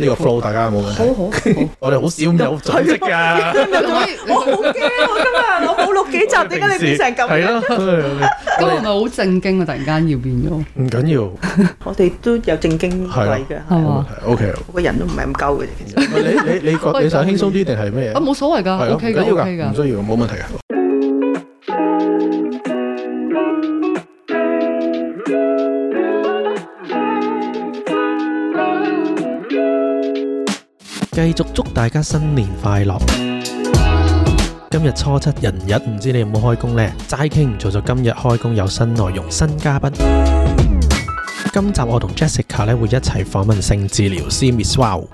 呢、這個 flow 大家有冇問題？我哋好少 有台積㗎。我好驚 我今日我冇錄幾集點解你變成咁？係咯。咁係咪好正經啊？突然間要變咗？唔緊要。我哋都有正經位嘅。係喎。OK。我個人都唔係咁鳩嘅其實，啊 okay 其實。你你你覺得你想輕鬆啲定係咩？啊冇所謂㗎。係咯。Okay、緊要㗎。唔需要。冇問題㗎。繼續祝大家新年快樂！今日初七人日，唔知你有冇開工呢？齋傾唔做就今日開工有新內容、新嘉賓。今集我同 Jessica 會一齊訪問性治療師 Miss Wow。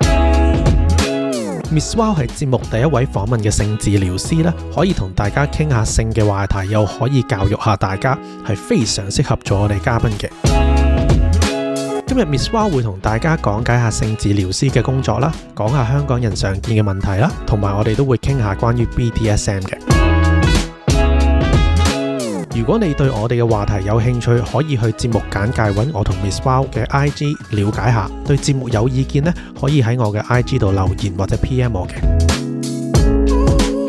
Miss Wow 係節目第一位訪問嘅性治療師啦，可以同大家傾下性嘅話題，又可以教育下大家，係非常適合做我哋嘉賓嘅。今日 Miss Wow 會同大家講解下性治療師嘅工作啦，講下香港人常見嘅問題啦，同埋我哋都會傾下關於 BDSM 嘅。如果你對我哋嘅話題有興趣，可以去節目簡介揾我同 Miss Wow 嘅 IG 了解下。對節目有意見呢，可以喺我嘅 IG 度留言或者 PM 我嘅。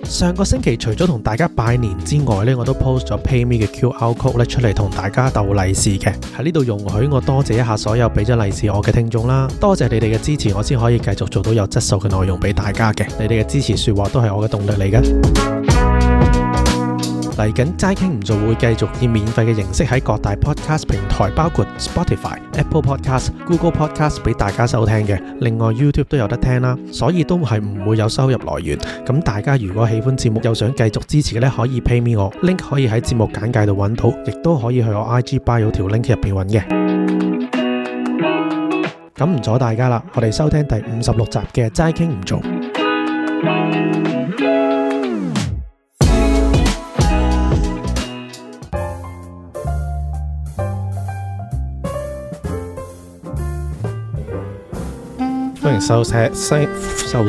上個星期除咗同大家拜年之外咧，我都 post 咗 Pay Me 嘅 QR Code 出嚟同大家斗利是嘅。喺呢度，容許我多謝一下所有俾咗利是我嘅聽眾啦，多謝你哋嘅支持，我先可以繼續做到有質素嘅內容俾大家嘅，你哋嘅支持說話都係我嘅動力嚟嘅。嚟緊齋傾唔做會繼續以免費嘅形式喺各大 podcast 平台，包括 Spotify、Apple Podcast、Google Podcast 俾大家收聽嘅。另外 YouTube 都有得聽啦，所以都係唔會有收入來源。咁大家如果喜歡節目又想繼續支持嘅咧，可以 pay me 我 link 可以喺節目簡介度揾到，亦都可以去我 IG bio 有條 link 入邊揾嘅。咁唔阻大家啦，我哋收聽第五十六集嘅齋傾唔做。收聲，收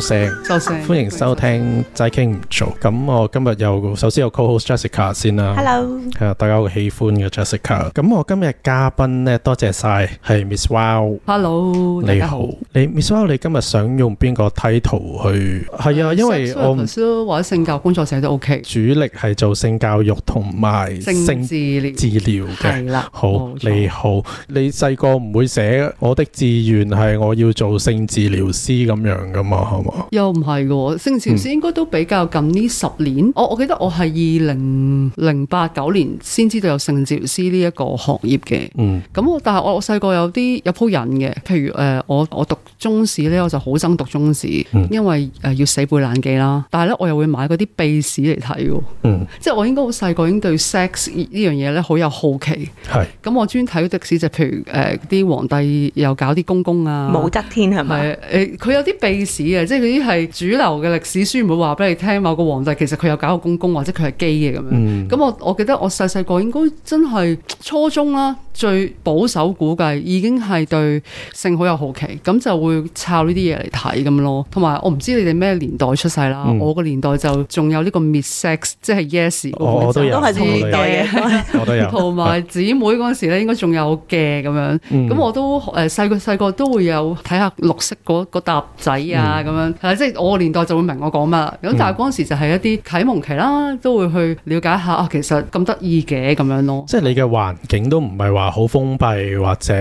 聲，收聲，歡迎收聽齋傾唔做。咁我今日又首先有 cohostJessica 先啦。Hello，係啊，大家好喜歡嘅 Jessica。咁我今日嘉賓咧，多謝晒，係 Miss Wow。Hello，你好，你 Miss Wow，你今日想用邊個 title 去？係啊，因為我唔少或者性教工作者都 OK。主力係做性教育同埋性治療治療嘅。係啦，好，你好，你細個唔會寫我的志願係我要做性治療。苗師咁樣噶嘛，係嘛？又唔係嘅，性治療師應該都比較近呢十年。我、嗯、我記得我係二零零八九年先知道有性治療師呢一個行業嘅。嗯。咁我但係我細個有啲有鋪癮嘅，譬如誒、呃，我我讀中史咧，我就好憎讀中史，嗯，因為誒、呃、要死背爛記啦。但係咧，我又會買嗰啲秘史嚟睇。嗯。即係我應該好細個已經對 sex 呢樣嘢咧好有好奇。係。咁我專睇嘅歷史就譬如誒啲、呃、皇帝又搞啲公公啊。武則天係咪？誒、欸、佢有啲秘史啊，即係嗰啲係主流嘅歷史書唔會話俾你聽。某個皇帝其實佢有搞過公公，或者佢係基嘅咁樣。咁、嗯、我我記得我細細個應該真係初中啦。最保守估計已經係對性好有好奇，咁就會抄呢啲嘢嚟睇咁咯。同埋我唔知你哋咩年代出世啦，嗯、我個年代就仲有呢個 Miss X 即係 yes、哦、我都係同埋姊妹嗰陣時咧，應該仲有嘅咁樣。咁、嗯嗯、我都誒細個細個都會有睇下綠色嗰搭仔啊咁樣。係、嗯嗯嗯嗯嗯、即係我個年代就會明我講嘛。咁但係嗰陣時就係一啲啟蒙期啦，都會去了解下啊，其實咁得意嘅咁樣咯。即係你嘅環境都唔係話。好封閉或者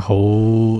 好，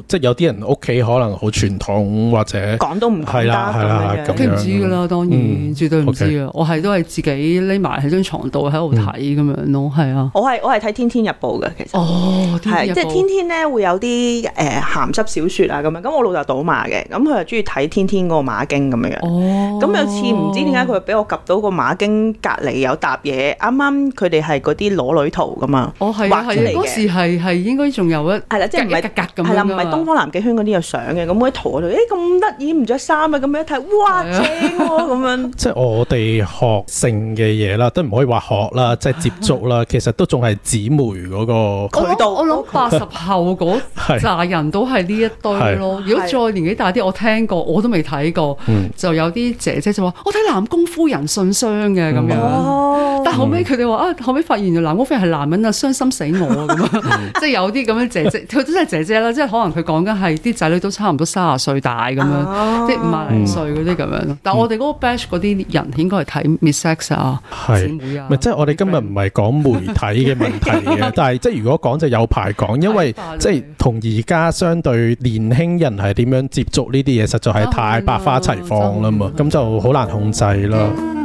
即係有啲人屋企可能好傳統或者講都唔得係啦係啦，唔知噶啦，當然絕對唔知噶。我係都係自己匿埋喺張床度喺度睇咁樣咯，係啊。我係我係睇《天天日報》嘅其實哦，係即係天天咧會有啲誒鹹濕小說啊咁樣。咁我老豆賭馬嘅，咁佢又中意睇天天嗰個馬經咁樣樣。哦，咁有次唔知點解佢俾我 𥄫 到個馬經隔離有沓嘢，啱啱佢哋係嗰啲裸女圖噶嘛，畫出嚟嘅。係應該仲有一係啦，即係唔係格格咁係啦，唔、啊、係東方南極圈嗰啲、那個欸、有相嘅咁，我喺圖嗰度，誒咁得意唔着衫啊，咁樣一睇，哇正喎咁樣。即係我哋學性嘅嘢啦，都唔可以話學啦，即係接觸啦，其實都仲係姊妹嗰、那個 渠道。我諗八十後嗰扎人都係呢一堆咯。 如果再年紀大啲，我聽過我都未睇過、嗯，就有啲姐姐就話：我睇南宮夫人信箱嘅咁樣，哦、但係後尾佢哋話啊，後尾發現南宮夫人係男人啊，傷心死我咁啊！ 即係有啲咁樣姐姐，佢都真係姐姐啦。即係可能佢講緊係啲仔女都差唔多三十歲大咁樣，啲五十零歲嗰啲咁樣。嗯、但係我哋嗰個 batch 嗰啲人應該係睇 Miss Sex 啊，姊妹是啊。唔係，即、就、係、是、我哋今日唔係講媒體嘅問題嘅， 但係即係如果講就有排講，因為即係同而家相對年輕人係點樣接觸呢啲嘢，實在係太百花齊放啦嘛，咁就好難控制啦。嗯嗯。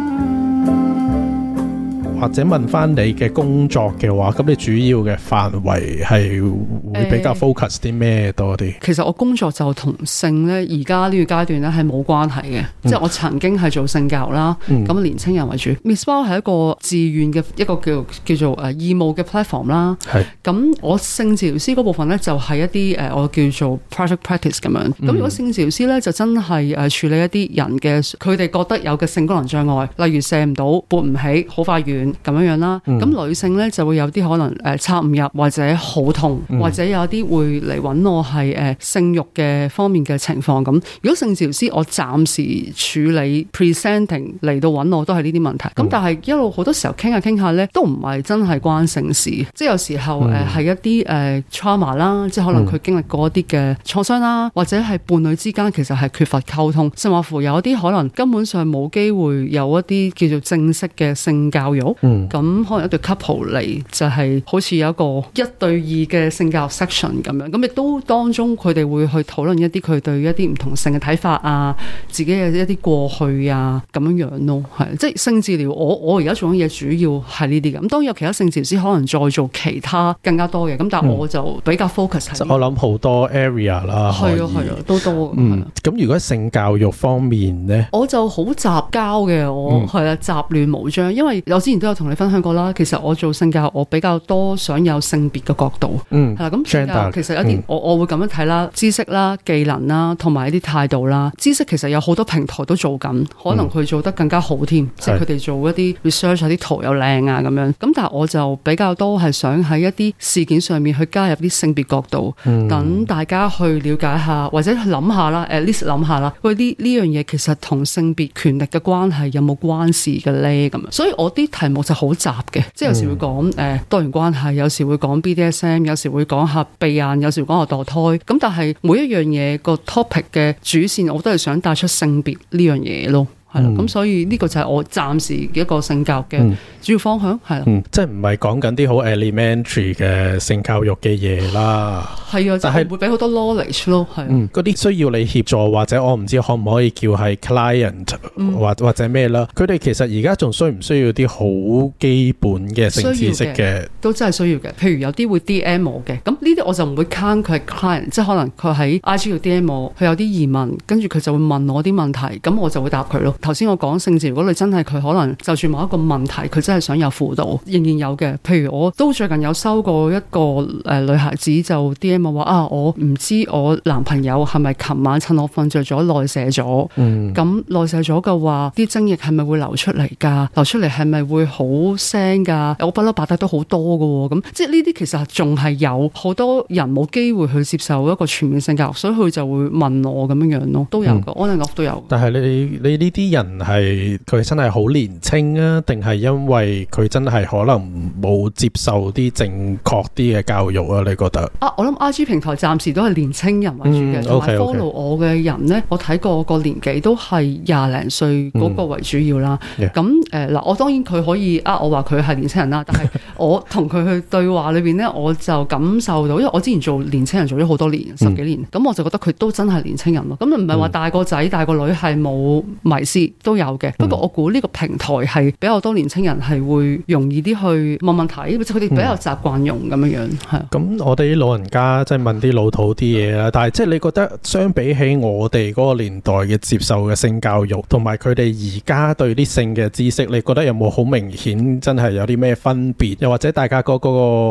或者問翻你嘅工作嘅話，咁你主要嘅範圍係會比較 focus 啲咩多啲？其實我工作就同性咧，而家呢個階段咧係冇關係嘅，嗯，即係我曾經係做性教啦，咁、嗯、年青人為主。嗯、Miss Wow 係一個自願嘅一個叫叫做誒義務嘅 platform 啦，係咁我性治療師嗰部分咧就係、是、一啲誒我叫做 project practice 咁樣。咁、嗯、如果性治療師咧就真係誒處理一啲人嘅佢哋覺得有嘅性功能障礙，例如射唔到、勃唔起、好快完。咁樣樣啦，咁女性咧就會有啲可能誒、呃、插唔入或者好痛、嗯，或者有啲會嚟搵我係誒、呃、性慾嘅方面嘅情況咁。如果性治療師，我暫時處理 presenting 嚟到搵我都係呢啲問題。咁、嗯、但係一路好多時候傾下傾下咧都唔係真係關性事，即係有時候誒係、嗯呃、一啲誒、呃、trauma 啦，即係可能佢經歷過一啲嘅創傷啦，或者係伴侶之間其實係缺乏溝通，甚至乎有一啲可能根本上冇機會有一啲叫做正式嘅性教育。嗯，咁可能一對 couple 嚟就係好似有一個一對二嘅性教育 section 咁樣，咁亦都當中佢哋會去討論一啲佢對一啲唔同性嘅睇法啊，自己嘅一啲過去啊咁樣樣咯，係即係性治療，我我而家做緊嘢主要係呢啲咁，咁當然有其他性治療師可能再做其他更加多嘅，咁但係我就比較 focus 喺、嗯、即我諗好多 area 啦，係啊係啊，都多嗯，咁、啊、如果性教育方面咧，我就好雜交嘅，我係啊雜亂無章，因為我之前。有同你分享過啦，其實我做性教育，我比較多想有性別嘅角度。嗯，係啦，咁其實有啲、嗯，我我會咁樣睇啦，知識啦、技能啦，同埋一啲態度啦。知識其實有好多平台都做緊，可能佢做得更加好添、嗯，即係佢哋做一啲 research，啲圖又靚啊咁樣。咁但係我就比較多係想喺一啲事件上面去加入啲性別角度，等、嗯、大家去了解下，或者去諗下啦。at least、嗯、諗下啦，喂，啲呢樣嘢其實同性別權力嘅關係有冇關事嘅咧？咁，所以我啲題。我就好雜嘅，即係有時會講誒、呃嗯、多元關係，有時會講 BDSM，有時會講下避孕，有時會講下墮胎。咁但係每一樣嘢個 topic 嘅主線，我都係想帶出性別呢樣嘢咯。係咁、嗯、所以呢個就係我暫時嘅一個性教嘅主要方向，係、嗯、咯。即係唔係講緊啲好 elementary 嘅性教育嘅嘢啦。係、嗯、啊、嗯，但係會俾好多 knowledge 咯，係。嗰、嗯、啲需要你協助或者我唔知可唔可以叫係 client，或、嗯、或者咩啦？佢哋其實而家仲需唔需要啲好基本嘅性知識嘅？都真係需要嘅。譬如有啲會 DM 我嘅，咁呢啲我就唔會 count 佢係 client，即係可能佢喺 IG 要 DM 我，佢有啲疑問，跟住佢就會問我啲問題，咁我就會答佢咯。頭先我講性事，如果你真係佢可能，就算某一個問題，佢真係想有輔導，仍然有嘅。譬如我都最近有收過一個誒、呃、女孩子就 D.M. 話啊，我唔知我男朋友係咪琴晚趁我瞓着咗內射咗。咁、嗯、內射咗嘅話，啲精液係咪會流出嚟㗎？流出嚟係咪會好聲㗎？我不嬲白帶都好多嘅喎。咁即係呢啲其實仲係有好多人冇機會去接受一個全面性教育，所以佢就會問我咁樣樣咯，都有嘅，安寧樂都有。但係你你呢啲？啲人係佢真係好年青啊，定係因為佢真係可能冇接受啲正確啲嘅教育啊？你覺得啊？我諗 IG 平台暫時都係年青人為主嘅，同埋 follow 我嘅人呢。我睇過個年紀都係廿零歲嗰個為主要啦。咁誒嗱，我當然佢可以啊，我話佢係年青人啦，但係我同佢去對話裏邊呢， 我就感受到，因為我之前做年青人做咗好多年、嗯，十幾年，咁我就覺得佢都真係年青人咯。咁唔係話大個仔、嗯、大個女係冇迷。都有嘅，不過我估呢個平台係比較多年青人係會容易啲去問，問問題，佢哋比較有習慣用咁樣樣。咁我哋啲老人家即係問啲老土啲嘢啦，但係即係你覺得相比起我哋嗰個年代嘅接受嘅性教育，同埋佢哋而家對啲性嘅知識，你覺得有冇好明顯真係有啲咩分別？又或者大家嗰嗰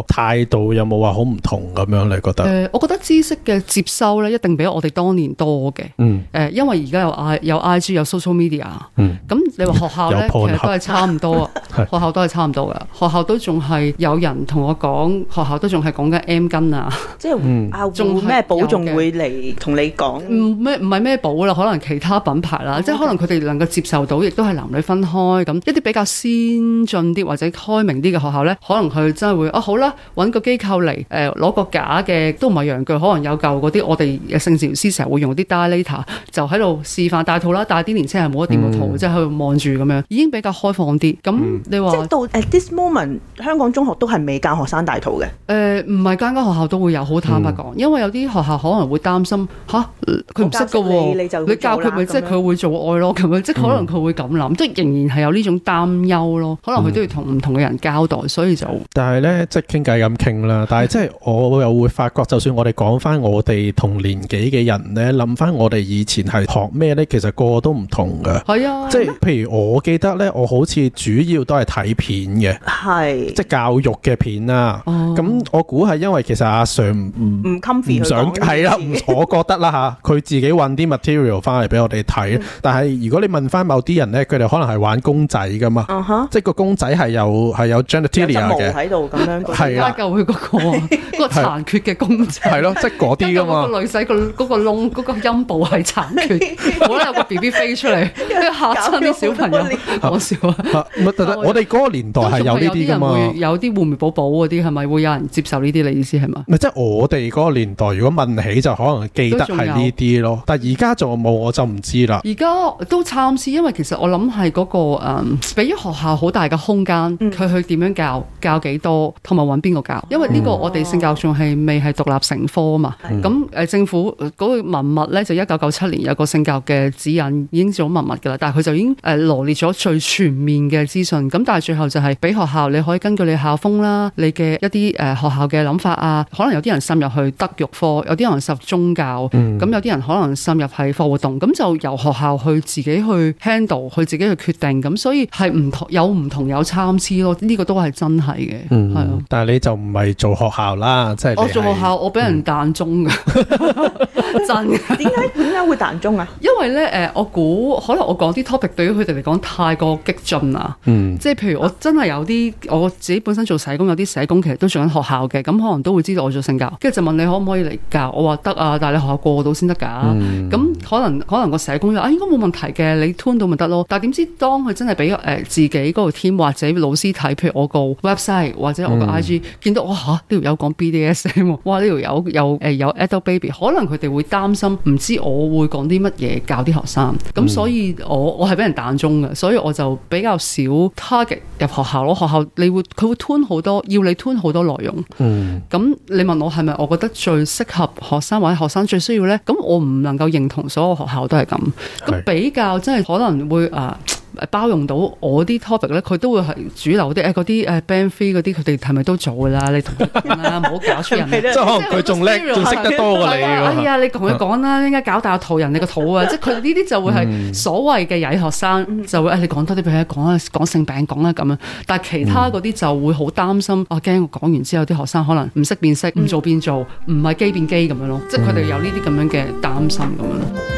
個態度有冇話好唔同咁樣？你覺得？呃，我覺得知識嘅接收咧，一定比我哋當年多嘅。嗯。因為而家有有 IG 有 social media。啊、嗯，咁你話學校咧，其實都係差唔多啊。學校都係差唔多噶， 學校都仲係有人同我講，學校都仲係講緊 M 巾啊，即係啊，仲咩寶仲會嚟同你講？唔咩唔係咩寶啦，可能其他品牌啦，okay. 即係可能佢哋能夠接受到，亦都係男女分開咁。一啲比較先進啲或者開明啲嘅學校咧，可能佢真係會啊好啦，搵個機構嚟誒，攞、呃、個假嘅都唔係陽具，可能有舊嗰啲我哋性治療師成日會用啲 dilator 就喺度示範戴套啦，戴啲年輕人。冇。掂、嗯、即係去望住咁樣，已經比較開放啲。咁你話、嗯、即係到 at this moment，香港中學都係未教學生戴套嘅。誒、呃，唔係間間學校都會有。好坦白講、嗯，因為有啲學校可能會擔心吓，佢唔識嘅喎，你教佢咪即係佢會做愛咯，咁樣即係可能佢會咁諗，即係仍然係有呢種擔憂咯。可能佢都要同唔同嘅人交代，所以就、嗯嗯嗯、但係呢，即係傾偈咁傾啦。但係即係我又會發覺， 就算我哋講翻我哋同年紀嘅人呢，諗翻我哋以前係學咩呢？其實個個都唔同嘅。係啊，即係譬如我記得咧，我好似主要都係睇片嘅，係、啊、即係教育嘅片啊。咁、嗯、我估係因為其實阿 Sir 唔唔 confirm 唔想係啦、啊。我覺得啦吓，佢 自己搵啲 material 翻嚟俾我哋睇、嗯。但係如果你問翻某啲人咧，佢哋可能係玩公仔噶嘛，嗯、即係個公仔係有係有 genitalia 嘅，喺度咁樣，係啊，救佢嗰個個殘缺嘅公仔，係咯、啊，即係嗰啲噶嘛。就是、個女仔 個嗰、嗰個窿，嗰個陰部係殘缺，冇啦，有個 B B 飛出嚟。 吓親啲小朋友講笑啊很 很！ 我哋嗰個年代係有呢啲啊嘛，有會有會會保保。有啲換唔寶寶」嗰啲係咪會有人接受呢啲？你意思係嘛？咪即係我哋嗰個年代，如果問起就可能記得係呢啲咯。但而家就冇，我就唔知啦。而家都參差，因為其實我諗係嗰個誒，俾、嗯、咗學校好大嘅空間，佢去點樣教，教幾多，同埋揾邊個教。因為呢、這個嗯嗯我哋性教育仲係未係獨立成科啊嘛。咁、嗯嗯、政府嗰、那個文物咧，就一九九七年有個性教育嘅指引，引，已經做文物。但係佢就已經誒羅列咗最全面嘅資訊。咁但係最後就係俾學校，你可以根據你校風啦，你嘅一啲誒學校嘅諗法啊，可能有啲人滲入去德育科，有啲人滲入宗教，咁、嗯、有啲人可能滲入係課活動。咁、嗯、就由學校去自己去 handle，去自己去決定。咁所以係唔同，有唔同有，有參差咯。呢個都係真係嘅，係、嗯、啊。但係你就唔係做學校啦，即、就、係、是、我做學校，我俾人彈鐘噶，嗯、 真點解點解會彈鐘啊？因為咧，誒，我估可能。我講啲 topic 對於佢哋嚟講太過激進啦、嗯，即係譬如我真係有啲我自己本身做社工，有啲社工其實都上緊學校嘅，咁可能都會知道我做性教，跟住就問你可唔可以嚟教？我話得啊，但係你學校過到先得㗎。咁、嗯、可能可能個社工又啊、哎、應該冇問題嘅，你 turn 到咪得咯。但係點知當佢真係俾自己嗰個 team 或者老師睇，譬如我個 website 或者我個 IG、嗯這個 IG，見到哇呢條友講 BDSM，哇呢條友有有，有 adult baby，可能佢哋會擔心，唔知我會講啲乜嘢教啲學生，咁、嗯、所以。我我係俾人彈中嘅，所以我就比較少 target 入學校咯。學校你會佢會吞好多，要你吞好多內容。嗯，咁你問我係咪？我覺得最適合學生或者學生最需要呢？咁我唔能夠認同所有學校都係咁。咁比較真係可能會啊。包容到我啲 topic 咧，佢都會係主流啲誒嗰啲誒 band three 啲，佢哋係咪都做噶啦？你同佢講啦，唔 好搞出人家。 即係可能佢仲叻，仲識得多過你。 哎呀，你同佢講啦，點 解搞大個肚人？你個肚啊！即係佢呢啲就會係所謂嘅曳學生， 就會誒、哎、你講多啲俾佢講啊，講性病講啊咁樣。但係其他嗰啲就會好擔心，驚我講完之後啲學生可能唔識變識，唔 做變做，唔係機變機咁樣咯。即係佢哋有呢啲咁樣嘅擔心咁樣。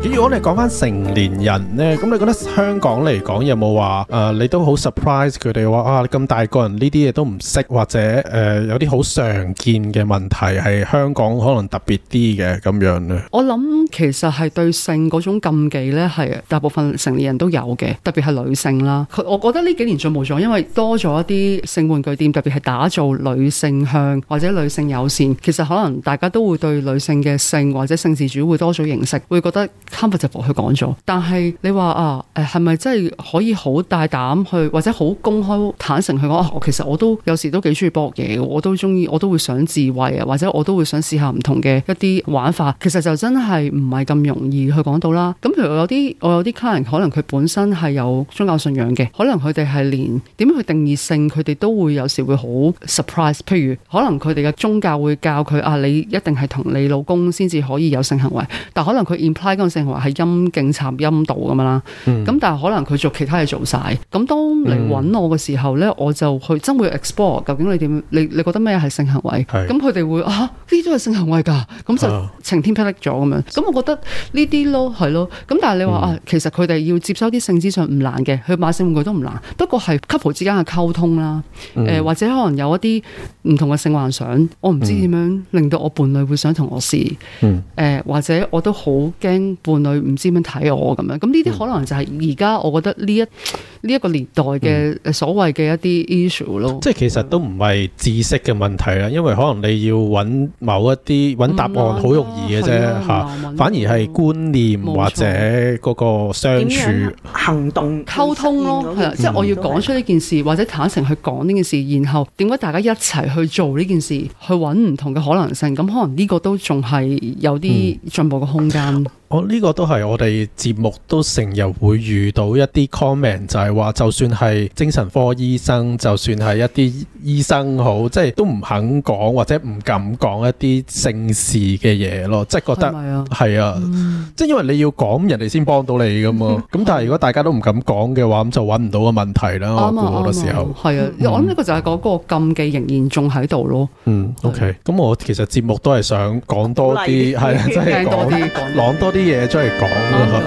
如果你講翻成年人呢，咁你覺得香港嚟講有冇話誒，你都好 surprise 佢哋話啊，咁大個人呢啲嘢都唔識，或者誒、呃、有啲好常見嘅問題係香港可能特別啲嘅咁樣呢，我諗其實係對性嗰種禁忌呢，係大部分成年人都有嘅，特別係女性啦。我我覺得呢幾年進步咗，因為多咗一啲性玩具店，特別係打造女性向或者女性友善，其實可能大家都會對女性嘅性或者性自主會多咗認識，會覺得。Comfortable 佢講咗。但係你話啊，誒係咪真係可以好大膽去，或者好公開坦誠去講，哦？其實我都有時都幾中意博嘢，我都中意，我都會想自慰啊，或者我都會想試下唔同嘅一啲玩法。其實就真係唔係咁容易去講到啦。咁譬如有啲我有啲 client，可能佢本身係有宗教信仰嘅，可能佢哋係連點樣去定義性，佢哋都會有時會好 surprise。譬如可能佢哋嘅宗教會教佢啊，你一定係同你老公先至可以有性行為，但可能佢 imply 嗰定話係陰莖插陰道咁樣啦，咁、嗯、但係可能佢做其他嘢做晒，咁當你揾我嘅時候咧、嗯，我就去真會 explore 究竟你點，你你覺得咩係性行為？咁佢哋會啊，呢啲都係性行為噶，咁就晴天霹靂咗咁樣。咁、哦、我覺得呢啲咯係咯，咁但係你話、嗯、啊，其實佢哋要接收啲性資訊唔難嘅，去買性玩具都唔難，不過係 couple 之間嘅溝通啦，誒、嗯呃、或者可能有一啲唔同嘅性幻想，我唔知點樣令到我伴侶會想同我試，誒、嗯嗯呃、或者我都好驚。伴侶唔知點樣睇我咁樣，咁呢啲可能就係而家我覺得呢一呢一個年代嘅所謂嘅一啲 issue 咯。嗯嗯、即係其實都唔係知識嘅問題啦，因為可能你要揾某一啲揾答案好容易嘅啫吓，嗯嗯啊嗯、反而係觀念或者嗰個相處行動溝通咯。係啊，即係我要講出呢件事，或者坦誠去講呢件事，然後點解大家一齊去做呢件事，去揾唔同嘅可能性。咁可能呢個都仲係有啲進步嘅空間。嗯嗯我、哦、呢、這個都係我哋節目都成日會遇到一啲 comment，就係、是、話就算係精神科醫生，就算係一啲醫生好，即係都唔肯講或者唔敢講一啲性事嘅嘢咯，即係覺得係啊，是啊嗯、即係因為你要講人哋先幫到你噶嘛。咁 但係如果大家都唔敢講嘅話，咁就揾唔到個問題啦。好 多時候係啊，啊啊啊嗯、我諗呢個就係嗰個禁忌仍然仲喺度咯。嗯，OK。咁、嗯 okay, 我其實節目都係想講多啲，係即係講多啲，講 多啲一。 一 啲嘢出嚟講咯。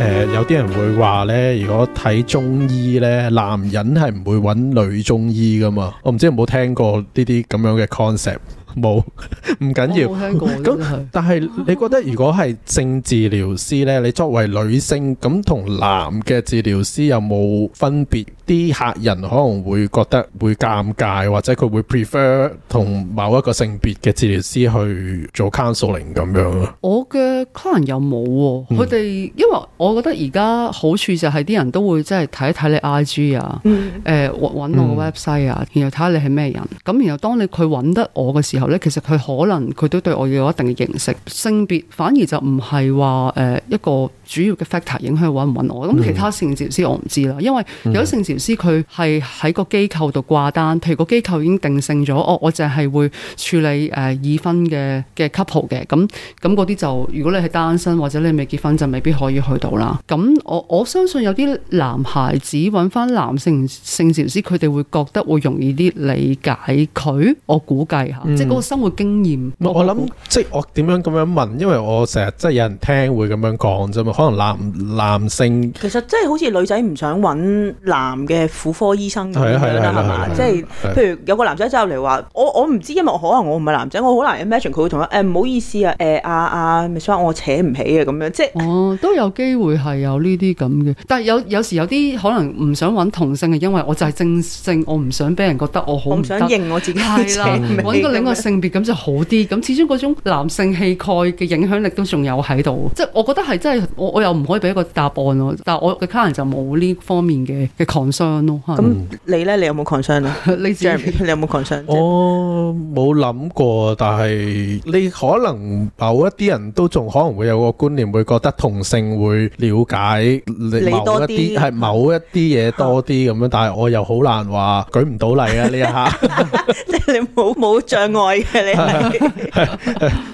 誒，有啲人會話呢，如果睇中醫呢，男人係唔會揾女中醫㗎嘛？我唔知有冇聽過呢啲咁樣嘅 concept。冇唔緊要咁，但係你覺得如果係性治療師呢，你作為女性咁，同男嘅治療師有冇分別？啲客人可能會覺得會尷尬，或者佢會 prefer 同某一個性別嘅治療師去做 counselling 咁樣。我嘅可能有冇，佢、嗯、哋因為我覺得而家好處就係啲人都會即係睇一睇你 IG 啊、嗯，搵、呃、我個 website 啊，然後睇下你係咩人。咁然後當你佢搵得我嘅時候咧，其實佢可能佢都對我有一定嘅認識，性別反而就唔係話呃、一個。主要嘅 factor 影響揾唔揾我，咁其他性治療師我唔知啦，因為有啲性治療師佢係喺個機構度掛單，譬如個機構已經定性咗、哦，我我淨係會處理誒已、呃、婚嘅嘅 couple 嘅，咁咁嗰啲就如果你係單身或者你未結婚就未必可以去到啦。咁我我相信有啲男孩子揾翻男性性治療師，佢哋會覺得會容易啲理解佢。我估計吓、嗯，即係嗰個生活經驗。嗯、我諗即係我點樣咁樣問，因為我成日即係有人聽會咁樣講啫嘛。可能男男性其實真係好似女仔唔想揾男嘅婦科醫生，咁樣即係譬如有個男仔走入嚟話：我我唔知道，因為我可能我唔係男仔，我好難 imagine 佢會同我，唔好意思啊，誒阿阿 m i 我扯唔起嘅，咁樣。即、就、係、是、哦，都有機會係有呢啲咁嘅，但係有有時有啲可能唔想揾同性，係因為我就係正性，我唔想俾人覺得我好唔想認我自己。係啦，揾個另外性別咁就好啲。咁始終嗰種男性氣概嘅影響力都仲有喺度。即、就、係、是、我覺得係真係我又唔可以俾一個答案咯，但係我嘅 client 就冇呢方面嘅嘅 concern 咯。咁你咧，你有冇 concern 啊？你你有冇 concern？我冇諗過，但係你可能某一啲人都仲可能會有個觀念，會覺得同性會瞭解你多啲係某一啲嘢多啲咁樣，但係我又好難話舉唔到例啊！呢一下即係你冇冇障礙嘅，你係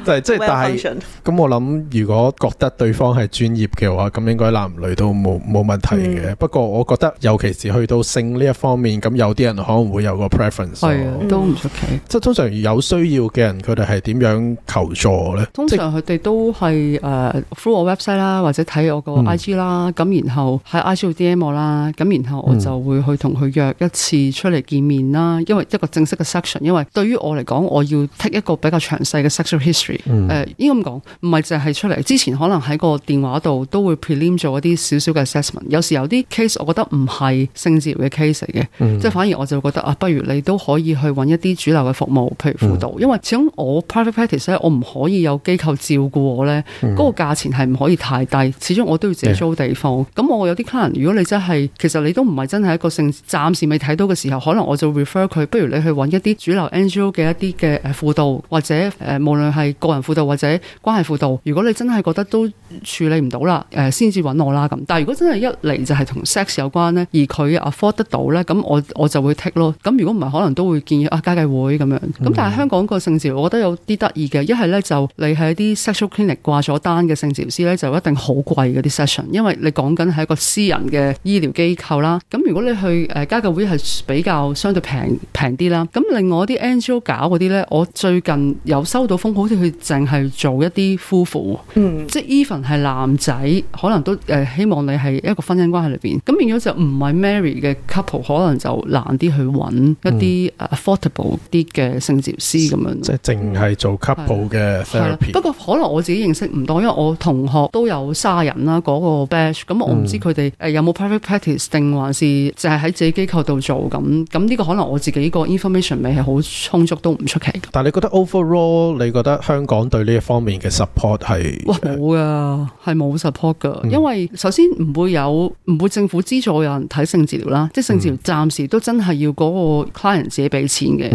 即係即係，但係咁我諗，如果覺得對方係專業。嘅話咁應該男女都冇冇問題嘅、嗯。不過我覺得尤其是去到性呢一方面，咁有啲人可能會有個 preference。係、嗯、啊，都唔出奇。即係通常有需要嘅人，佢哋係點樣求助咧？通常佢哋都係誒、呃、，through 我 website 啦，或者睇我個 IG 啦、嗯，咁然後喺 IG 度 DM 我啦，咁然後我就會去同佢約一次出嚟見面啦、嗯。因為一個正式嘅 section，因為對於我嚟講，我要 take 一個比較詳細嘅 sexual history、嗯。誒、呃，應該咁講，唔係淨係出嚟之前可能喺個電話度都會 prelim 咗一啲少少嘅 assessment，有時有啲 case 我覺得唔係性治療嘅 case 嘅，即係反而我就覺得啊，不如你都可以去揾一啲主流嘅服務，譬如輔導，因為始終我 private practice 我唔可以有機構照顧我呢，嗰個價錢係唔可以太低，始終我都要自己租地方。咁我有啲 client 如果你真係其實你都唔係真係一個性，暫時未睇到嘅時候，可能我就 refer 佢，不如你去揾一啲主流 angel 嘅一啲嘅誒輔導，或者誒無論係個人輔導或者關係輔導，如果你真係覺得都處理唔到。到、嗯、啦，誒先至揾我啦咁。但係如果真係一嚟就係同 sex 有關咧，而佢 afford 得到咧，咁我我就會 take 咯。咁如果唔係，可能都會建議啊家計會咁樣。咁但係香港個性治療，我覺得有啲得意嘅。一係咧就你係啲 sexual clinic 掛咗單嘅性治療師咧，就一定好貴嗰啲 session，因為你講緊係一個私人嘅醫療機構啦。咁如果你去誒家計會係比較相對平平啲啦。咁另外啲 NGO 搞嗰啲咧，我最近有收到風，好似佢淨係做一啲夫婦，嗯，即係 even 係男子仔可能都誒希望你係一個婚姻關係裏邊，咁，變咗就唔係 marry 嘅 couple，可能就難啲去揾一啲 affordable 啲嘅性治療師，咁、嗯、樣即係淨係做 couple 嘅 therapy。不過可能我自己認識唔多，因為我同學都有殺人啦嗰個 batch，咁我唔知佢哋誒有冇 private practice 定、嗯、還是淨係喺自己機構度做咁。咁呢個可能我自己個 information 未係好充足，都唔出奇。但係你覺得 overall，你覺得香港對呢一方面嘅 support 係冇㗎，係、呃、冇。support 嘅，因為首先唔會有唔會政府資助有人睇性治療啦、嗯，即係性治療暫時都真係要嗰個 client 自己俾錢嘅。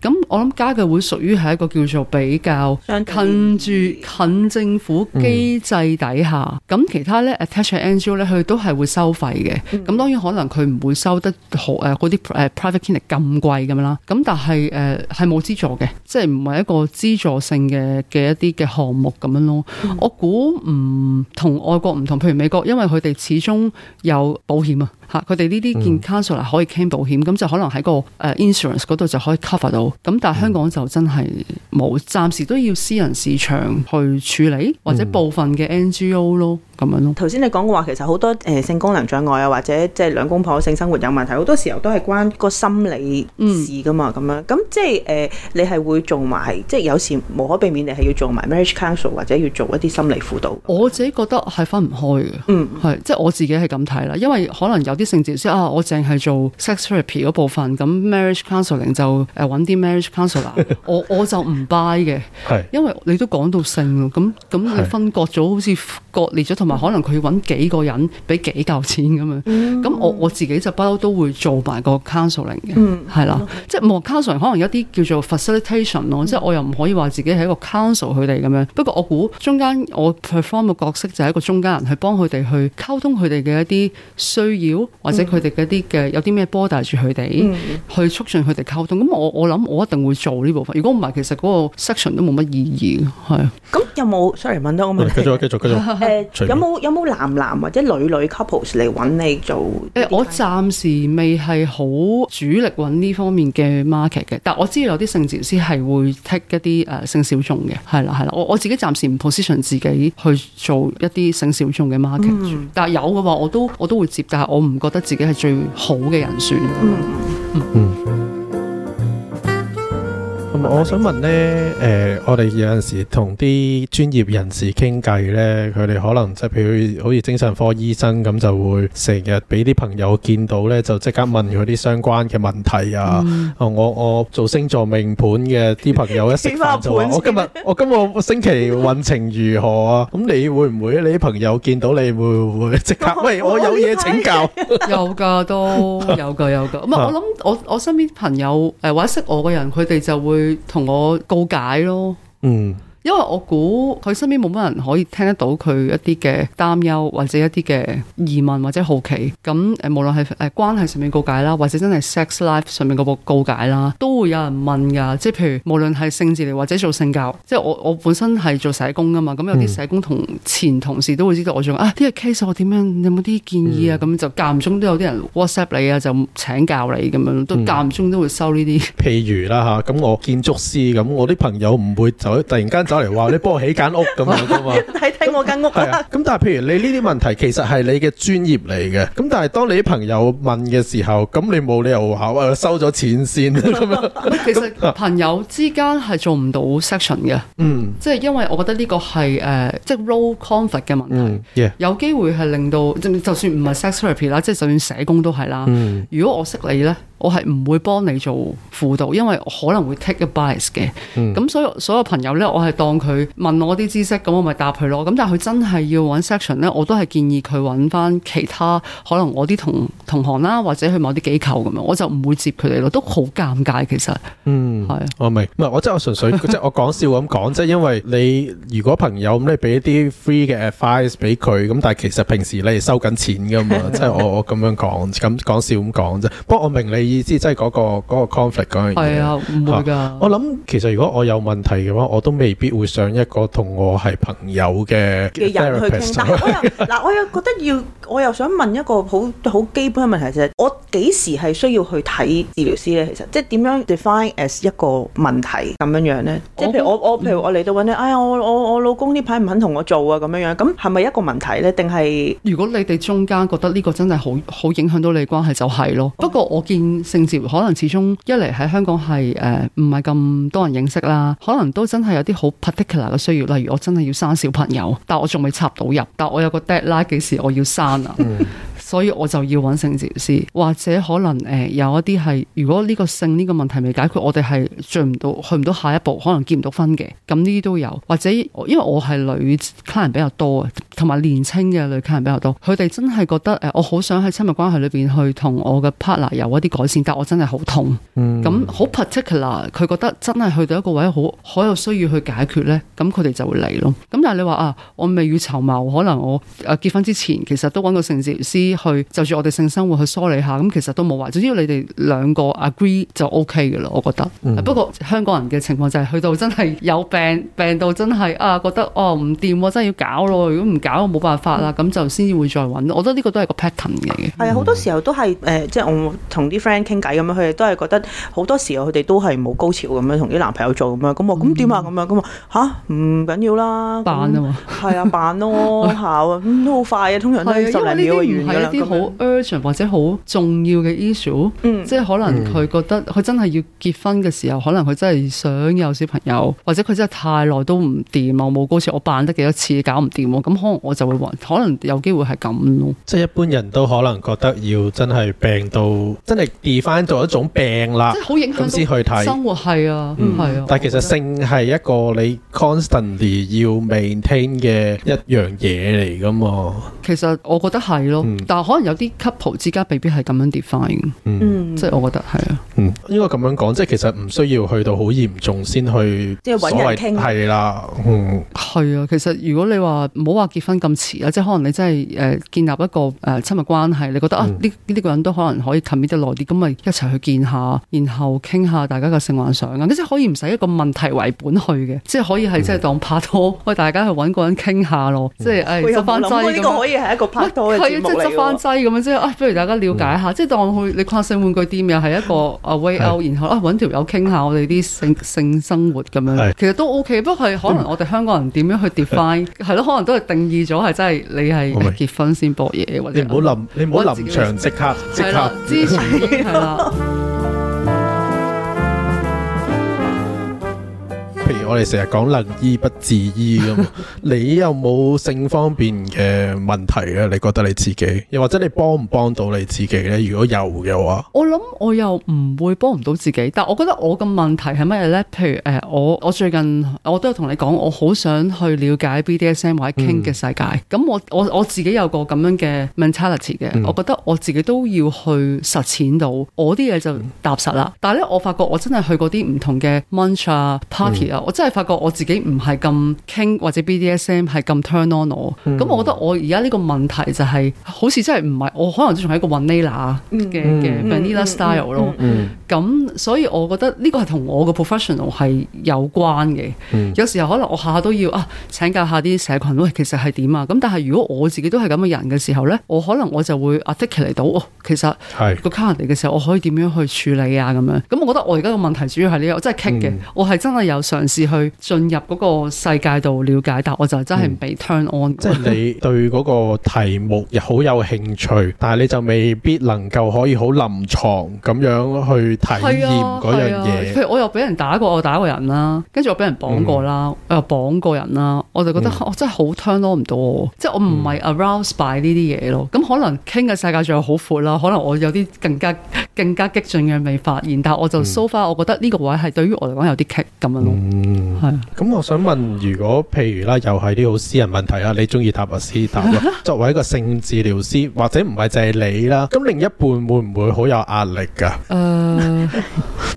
咁、嗯、我諗家計會屬於係一個叫做比較近住近，近政府機制底下，咁、嗯、其他咧 attached NGO 咧，佢都係會收費嘅。咁、嗯、當然可能佢唔會收得好誒，嗰啲誒 private clinic 咁貴咁樣啦。咁但係誒係冇資助嘅，即係唔係一個資助性嘅嘅一啲嘅項目咁樣咯。嗯、我估唔。嗯同外國唔同，譬如美國，因為佢哋始終有保險啊。嚇，佢哋呢啲件 consult 可以 claim 保險，咁、嗯、就可能喺個誒 insurance 嗰度就可以 cover 到。咁但係香港就真係冇，暫時都要私人市場去處理，或者部分嘅 NGO 咯，咁樣咯。頭先你講嘅話，其實好多誒性功能障礙啊，或者即係兩公婆性生活有問題，好多時候都係關個心理事㗎嘛，咁、嗯、樣。咁即係誒，你係會做埋，即、就、係、是、有時無可避免，你係要做埋 marriage consult 或者要做一啲心理輔導，我自己覺得係分唔開嘅，嗯，係即係我自己係咁睇啦，因為可能有。啲性治療師啊，我淨係做 sex therapy 嗰部分，咁 marriage counselling 就誒揾啲 marriage counsellor。 我我就唔 buy 嘅，因為你都講到性喎，咁咁你分割咗，好似割裂咗，同埋可能佢要揾幾個人俾幾嚿錢咁樣。咁我我自己就不嬲都，都會做埋個 counselling 嘅，係啦，即 係冇 counselling，可能有啲叫做 facilitation 咯，即係我又唔可以話自己係一個 counsell 佢哋咁樣。不過我估中間我 perform 嘅角色就係一個中間人，去幫佢哋去溝通佢哋嘅一啲需要。或者佢哋嗰啲嘅有啲咩波帶住佢哋，去促進佢哋溝通。咁我我諗我一定會做呢部分。如果唔係，其實嗰個 section 都冇乜意義。係。啊、嗯，咁有冇？Sorry，問多個問題。繼續，繼續，繼續。 呃、有冇有冇男男或者女女 couples 嚟揾你做？誒、呃，我暫時未係好主力揾呢方面嘅 market 嘅。但係我知道有啲性治療師係會 take 一啲誒、uh, 性小眾嘅。係啦，係啦。我我自己暫時唔 position，自己去做一啲性小眾嘅 market，嗯、但係有嘅話，我都我都會接。但係我唔。唔覺得自己係最好嘅人選。嗯嗯。嗯嗯。咁我想問呢，誒，我哋有陣時同啲專業人士傾偈呢，佢哋可能即係譬如好似精神科醫生咁，就會成日俾啲朋友見到呢，就即刻問佢啲相關嘅問題啊。哦，我我做星座命盤嘅啲朋友一食飯就，我今日我今個星期運程如何啊？咁你會唔會你啲朋友見到你會唔會即刻？喂，我有嘢請教。有㗎，都有㗎，有㗎。咁啊，我諗我我身邊朋友誒或者識我嘅人，佢哋就會。佢同我告解咯，嗯。因為我估佢身邊冇乜人可以聽得到佢一啲嘅擔憂或者一啲嘅疑問或者好奇，咁誒無論係誒關係上面告解啦，或者真係 sex life 上面嗰個告解啦，都會有人問噶。即係譬如無論係性治療或者做性教，即係我我本身係做社工啊嘛，咁有啲社工同前同事都會知道我做、嗯、啊呢個 case、這個、我點樣有冇啲建議啊？咁、嗯、就間唔中都有啲人 WhatsApp 你啊，就請教你咁樣，都間唔中都會收呢啲、嗯。 譬如啦嚇，咁我建築師咁，我啲朋友唔會就突然間嚟 話你幫我起間屋咁樣啊嘛，睇睇我間屋。係啊，咁但係譬如你呢啲問題其實係你嘅專業嚟嘅，咁但係當你啲朋友問嘅時候，咁你冇理由話誒收咗錢先咁 其實朋友之間係做唔到 section 嘅，嗯，即係因為我覺得呢個係誒即係 role conflict 嘅問題，嗯 yeah. 有機會係令到就算唔係 sex therapy 啦，即係就算社工都係啦。如果我識你咧，我係唔會幫你做輔導，因為可能會 take a bias 嘅。咁、嗯、所以所有朋友咧，我係當佢問我啲知識，咁我咪答佢咯。咁但係佢真係要搵 section 咧，我都係建議佢搵翻其他，可能我啲同同行啦，或者去某啲機構咁樣，我就唔會接佢哋咯，都好尷尬其實。嗯，係啊，我明，唔係我即係我純粹，即 係我講笑咁講，即係因為你如果朋友咁，你俾一啲 free 嘅 advice 俾佢，咁但係其實平時你收緊錢噶嘛，即 係我我咁樣講，咁講笑咁講啫。不過我明你意思，即係嗰個、嗰個 conflict 嗰樣嘢。係啊，唔會噶。我諗其實如果我有問題嘅話，我都未必。會上一個同我係朋友嘅嘅人去傾， 但我又嗱，我又覺得要，我又想問一個好好基本嘅問題，就係我幾時係需要去睇治療師咧？其實即係點樣 define as 一個問題咁樣樣咧？即係譬如我我譬如我嚟到揾你，哎呀我我我老公呢排唔肯同我做啊咁樣樣，咁係咪一個問題咧？定係如果你哋中間覺得呢個真係好好影響到你關係，就係咯。Oh. 不過我見性治療可能始終一嚟喺香港係誒唔係咁多人認識啦，可能都真係有啲好。particular 嘅需要，例如我真係要生小朋友，但我仲未插到入，但我有個 deadline，幾時我要生啊？ 所以我就要揾性治療師，或者可能有一啲係，如果呢個性呢個問題未解決，我哋係進唔到去唔到下一步，可能結唔到婚嘅。咁呢啲都有，或者因為我係女客人比較多啊，同埋年青嘅女客人比較多，佢哋真係覺得我好想喺親密關係裏面去同我嘅 partner 有一啲改善，但我真係好痛，咁好 particular，佢覺得真係去到一個位，好好有需要去解決呢。咁佢哋就會嚟咯。咁但係你話啊，我未雨綢繆，可能我誒結婚之前其實都揾到性治療師。去就住我哋性生活去梳理下，咁其實都冇話。總之你哋兩個 agree 就 OK 嘅啦，我覺得。嗯、不過香港人嘅情況就係、係、去到真係有病病到真係啊，覺得哦唔掂，真係要搞咯。如果唔搞冇辦法啦，咁、嗯、就先至會再揾。我覺得呢個都係個 pattern 嘅。係、嗯、啊，好多時候都係即係我同啲 friend 傾偈咁樣，佢哋都係覺得好多時候佢哋都係冇高潮咁樣同啲男朋友做咁樣。咁我咁點、嗯嗯、啊咁樣咁啊嚇唔緊要啦，扮、 嗯、啊嘛係啊扮咯好快嘅，通常都係一啲好 urgent 或者好重要嘅 issue，、嗯、即係可能佢覺得佢真係要結婚嘅時候，嗯、可能佢真係想有小朋友，或者佢真係太耐都唔掂啊！冇高潮，我扮得幾多次搞唔掂，咁可能我就會話，可能有機會係咁咯。即係一般人都可能覺得要真係病到真係 d 變翻做一種病啦，即係好咁先去睇生活係、嗯、啊，係啊。但係其實性係一個你 constantly 要 maintain 嘅一樣嘢嚟噶嘛。其實我覺得係咯。可能有啲 couple 之間未必係咁樣 define 即係我覺得係啊，嗯，應該咁樣講，即係其實唔需要去到好嚴重先去所謂傾係啦，嗯，係啊，其實如果你話唔好話結婚咁遲啊，即係可能你真係誒建立一個誒親密關係，你覺得啊呢呢個人都可能可以 commit 得耐啲，咁咪一齊去見下，然後傾下大家嘅性幻想啊，即係可以唔使一個問題為本去嘅，即係可以係即係當拍拖，喂大家去揾個人傾下咯，即係誒呢個可以係一個拍拖灣咁樣啫，啊，不如，啊、大家了解下，即係當去你跨性玩具店又係一個啊 way out，然後啊揾條友傾下我哋啲性性生活咁樣。其實都 OK，不過係可能我哋香港人點樣去 define，係咯，可能都係定義咗係真係你係結婚先博嘢或者。你唔好臨，你唔好臨場即刻即刻。係啦，支持係啦。 譬如我哋成日講能醫不自醫咁，你有冇性方面嘅問題咧？你覺得你自己，又或者你幫唔幫到你自己咧？如果有嘅話，我諗我又唔會幫唔到自己，但我覺得我嘅問題係乜嘢咧？譬如誒、呃，我我最近我都有同你講，我好想去了解 BDSM 或者 King 嘅世界。咁、嗯、我我我自己有個咁樣嘅 mentality 嘅，嗯、我覺得我自己都要去實踐到我啲嘢就踏實啦。嗯、但係咧，我發覺我真係去過啲唔同嘅 munch 啊 party 啊、嗯。我真係發覺我自己唔係咁 kink 或者 BDSM 係咁 turn on 我，咁、嗯、我覺得我而家呢個問題就係、是、好似真係唔係我可能仲係一個 vanilla 嘅嘅 vanilla style 咯、嗯，咁、嗯、所以我覺得呢個係同我嘅 professional 係有關嘅、嗯，有時候可能我下下都要啊請教一下啲社群，其實係點啊？咁但係如果我自己都係咁嘅人嘅時候咧，我可能我就會 articulate 到，哦、其實個客人嚟嘅時候，我可以點樣去處理啊？咁樣，咁我覺得我而家個問題主要係呢、這個，我真係 kink 嘅，我係真係有想。是去進入嗰個世界度了解，但我就真係唔俾 turn on、嗯。即係、就是、你對嗰個題目又好有興趣，但係你就未必能夠可以好臨床咁樣去體驗嗰、嗯、樣嘢。譬、嗯、如我又俾人打過，我打過人啦，跟住我俾人綁過啦、嗯，我又綁過人啦，我就覺得我真係好 turn on 唔、嗯、到，即係、就是、我唔係 aroused by 呢啲嘢咯。咁、嗯、可能傾嘅世界仲有好闊啦，可能我有啲更加更加激進嘅未發現，但係我就 so far，我覺得呢個位係對於我嚟講有啲棘咁樣咯。嗯嗯，係。咁我想問，如果譬如啦，又係啲好私人問題啦，你中意塔阿師搭咯？作為一個性治療師，或者唔係就係你啦，咁另一半會唔會好有壓力噶？誒、呃，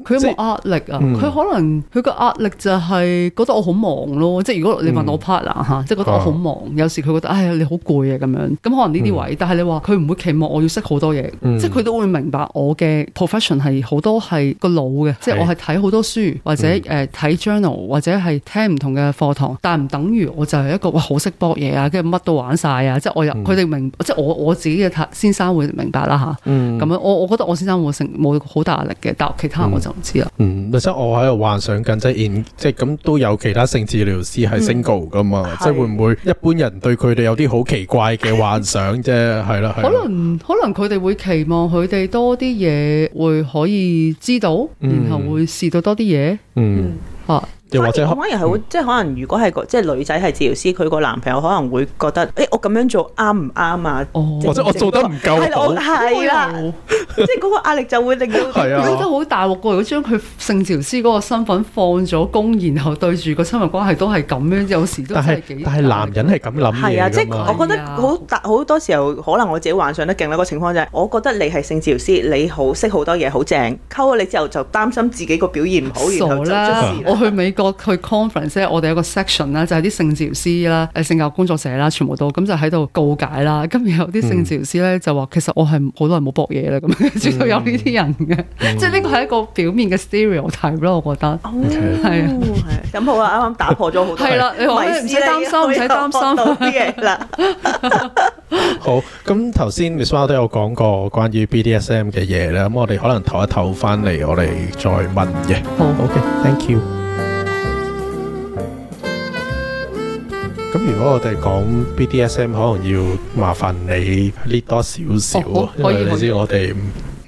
佢有冇壓力啊？佢可能佢個壓力就係覺得我好忙咯、嗯。即係如果你問我 partner 吓、嗯，即係覺得我好忙、嗯，有時佢覺得哎呀，你好攰啊咁樣。咁可能呢啲位、嗯，但係你話佢唔會期望我要識好多嘢、嗯，即係佢都會明白我嘅 profession 係好多係個腦嘅，即係我係睇好多書或者誒睇 journal 或者係聽唔同嘅課堂，但唔等於我就係一個哇好識搏嘢啊，跟住乜都玩晒啊！即係我佢哋、嗯、明，即係我我自己嘅先生會明白啦吓。咁、嗯、樣我我覺得我先生冇成冇好大壓力嘅，但其他我就唔知啦、嗯嗯。即係我喺度幻想緊，即係即咁都有其他性治療師係 single 噶嘛，即係會唔會一般人對佢哋有啲好奇怪嘅幻想啫？係 啦。可能可能佢哋會期望佢哋多啲嘢會可以知道，嗯、然後會試到多啲嘢。嗯，吓、嗯。啊又或者反而係會，即、嗯、係可能如果係個即係女仔係治療師，佢個男朋友可能會覺得，誒、欸、我咁樣做啱唔啱啊？哦正正，或者我做得唔夠係啦，係啦，我啊啊、 即係嗰個壓力就會令到係佢都好大鑊過，如果將佢性治療師嗰個身份放咗工，然後對住個親密關係都係咁樣，有時都係，但係男人係咁諗係啊，即係、啊、我覺得好大好多時候，可能我自己幻想得勁啦、那個情況就係、是，我覺得你係性治療師，你好識好多嘢，好正，溝咗你之後就擔心自己個表現唔好，然後就出事啦、嗯。我去美。個去 conference 咧，我哋有個 section 啦，就係啲性治療師啦、誒性教工作者啦，全部都咁就喺度告解啦。咁然後啲性治療師咧就話、嗯，其實我係好多人冇博嘢啦，咁，知道有呢啲人嘅，即係呢個係一個表面嘅 stereotype 咯、哦 嗯嗯， 我覺得。哦，係啊，係咁好啦，啱啱打破咗好多。係啦，你唔使擔心，唔使擔心啲嘢啦。好，咁頭先 Miss Wow 都有講過關於 BDSM 嘅嘢啦，咁我哋可能唞一唞翻嚟，我哋再問嘅。好，OK，Thank、okay, you。咁如果我哋講 BDSM，可能要麻煩你呢多少少啊，哦，因為你知我哋。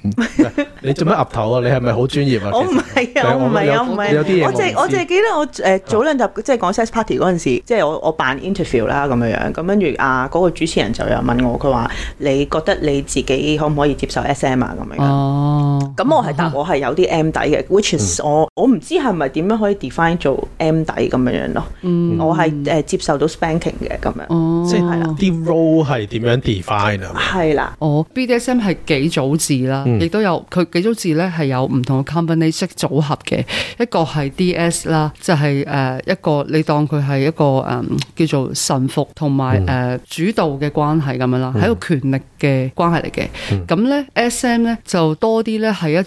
你做咩岌頭啊？你係咪好專業啊？我唔係啊， 我唔係啊，我有啲嘢。我淨、啊、我淨係、啊、記得我誒早兩集即係講 sex party 嗰陣時，即係我我扮 interview 啦咁樣樣，咁跟住啊嗰個主持人就有問我，佢話你覺得你自己可唔可以接受 SM 啊咁樣？哦，咁我係答我係有啲 M 底嘅，which 我我唔知係咪點樣可以 define 做 M 底咁樣樣咯。我係誒接受到 spanking 嘅咁樣。即係啦，啲 role 係點樣 define 啊？係、嗯、啦，我 BDSM 係幾組字啦。嗯亦都有佢幾組字咧，係有唔同嘅 combination 組合嘅。一個係 D.S. 啦，就係誒一個你當佢係一個誒、嗯、叫做臣服同埋誒主導嘅關係咁樣啦，嗯、係一個權力嘅關係嚟嘅。咁、嗯、咧 S.M. 咧就多啲咧係一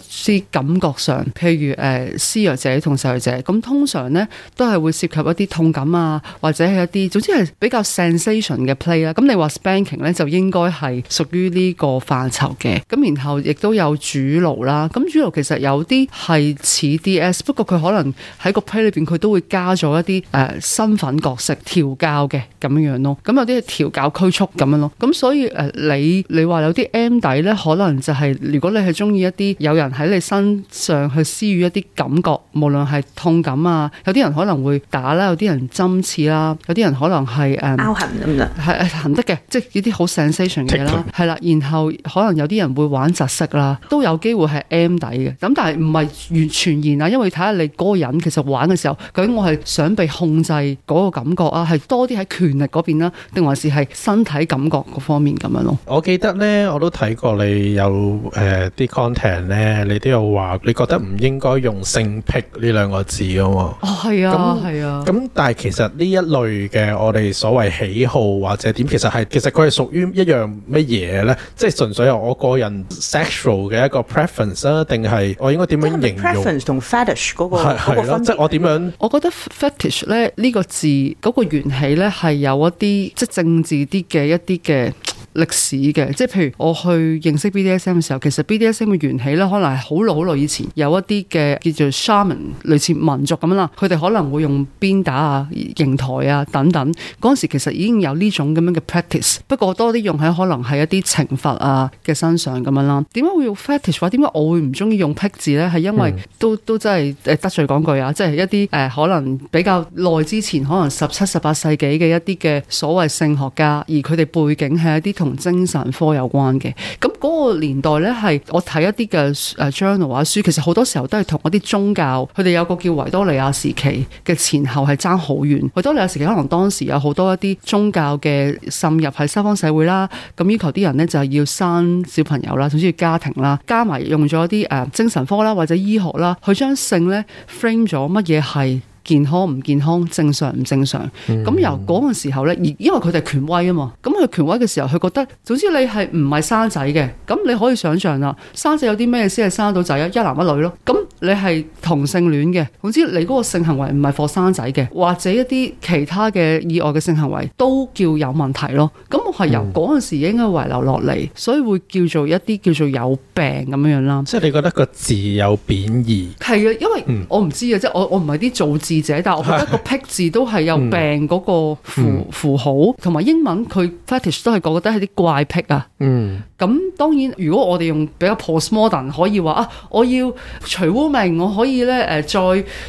啲感覺上，譬如誒施虐者同受虐者咁，通常咧都係會涉及一啲痛感啊，或者係一啲，總之係比較 sensation 嘅 play 啦、啊。咁你話 spanking 咧就應該係屬於呢個範疇嘅。咁然後亦都都有主奴啦，咁主奴其實有啲係似 D.S，不過佢可能喺個 play 裏邊佢都會加咗一啲誒、呃、身份角色調教嘅咁樣樣咯，咁有啲係調教拘束。咁樣咯，咁所以誒、呃、你你話有啲 M 底咧，可能就係、是、如果你係中意一啲有人喺你身上去施予一啲感覺，無論係痛感啊，有啲人可能會打啦，有啲人針刺啦，有啲人可能係誒凹痕咁樣，係痕得嘅，即係呢啲好 sensation 嘅啦，係啦，然後可能有啲人會玩窒息啦。都有機會係 M 底嘅，咁但係唔係完全然啦，因為睇下你嗰個人其實玩嘅時候，究竟我係想被控制嗰個感覺啊，係多啲喺權力嗰邊啦，定還是係身體感覺嗰方面咁樣咯？我記得呢，我都睇過你有誒啲、呃、content 呢，你都有話，你覺得唔應該用性癖呢兩個字嘅嘛？哦，係啊，係咁、啊、但係其實呢一類嘅我哋所謂喜好或者點，其實係其實佢係屬於一樣乜嘢呢？即係純粹係我個人 sexual。嘅一個 preference 啊，定係我應該點樣形容？preference 同 fetish 嗰個係係咯，即係我點樣？我覺得 fetish 咧呢個字嗰個源起咧係有一啲即係政治啲嘅一啲嘅。歷史嘅，即係譬如我去認識 BDSM 嘅時候，其實 BDSM 嘅源起咧，可能係好耐好耐以前，有一啲嘅叫做 shaman，類似民族咁樣啦，佢哋可能會用鞭打啊、刑台啊等等。嗰陣時其實已經有呢種咁樣嘅 practice，不過多啲用喺可能係一啲懲罰啊嘅身上咁樣啦。點解會用 fetish？話點解我會唔中意用癖字咧？係因為都都真係得罪講句啊，即係一啲誒可能比較耐之前，可能十七十八世紀嘅一啲嘅所謂性學家，而佢哋背景係一啲。同精神科有關嘅，咁嗰個年代呢，係我睇一啲嘅誒 journal 啊書，其實好多時候都係同一啲宗教，佢哋有一個叫維多利亞時期嘅前後係爭好遠。維多利亞時期可能當時有好多一啲宗教嘅滲入喺西方社會啦，咁要求啲人呢，就要生小朋友啦，總之要家庭啦，加埋用咗一啲誒、呃、精神科啦或者醫學啦，佢將性呢 frame 咗乜嘢係。健康唔健康，正常唔正常？咁、嗯、由嗰陣時候咧，而因為佢哋權威啊嘛，咁佢權威嘅時候，佢覺得總之你係唔係生仔嘅，咁你可以想象啦，生仔有啲咩先係生到仔啊？一男一女咯，咁你係同性戀嘅，總之你嗰個性行為唔係 for 生仔嘅，或者一啲其他嘅意外嘅性行為都叫有問題咯。咁我係由嗰陣時應該遺留落嚟，所以會叫做一啲叫做有病咁樣樣啦。即係你覺得個字有貶義？係啊，因為我唔知啊，即係我我唔係啲造字者，但我覺得個癖字都係有病個符符號同埋、 嗯嗯、英文佢 fetish 都係覺得係啲怪癖啊。嗯，咁當然，如果我哋用比較 postmodern，可以話啊，我要除污名，我可以咧誒、呃、再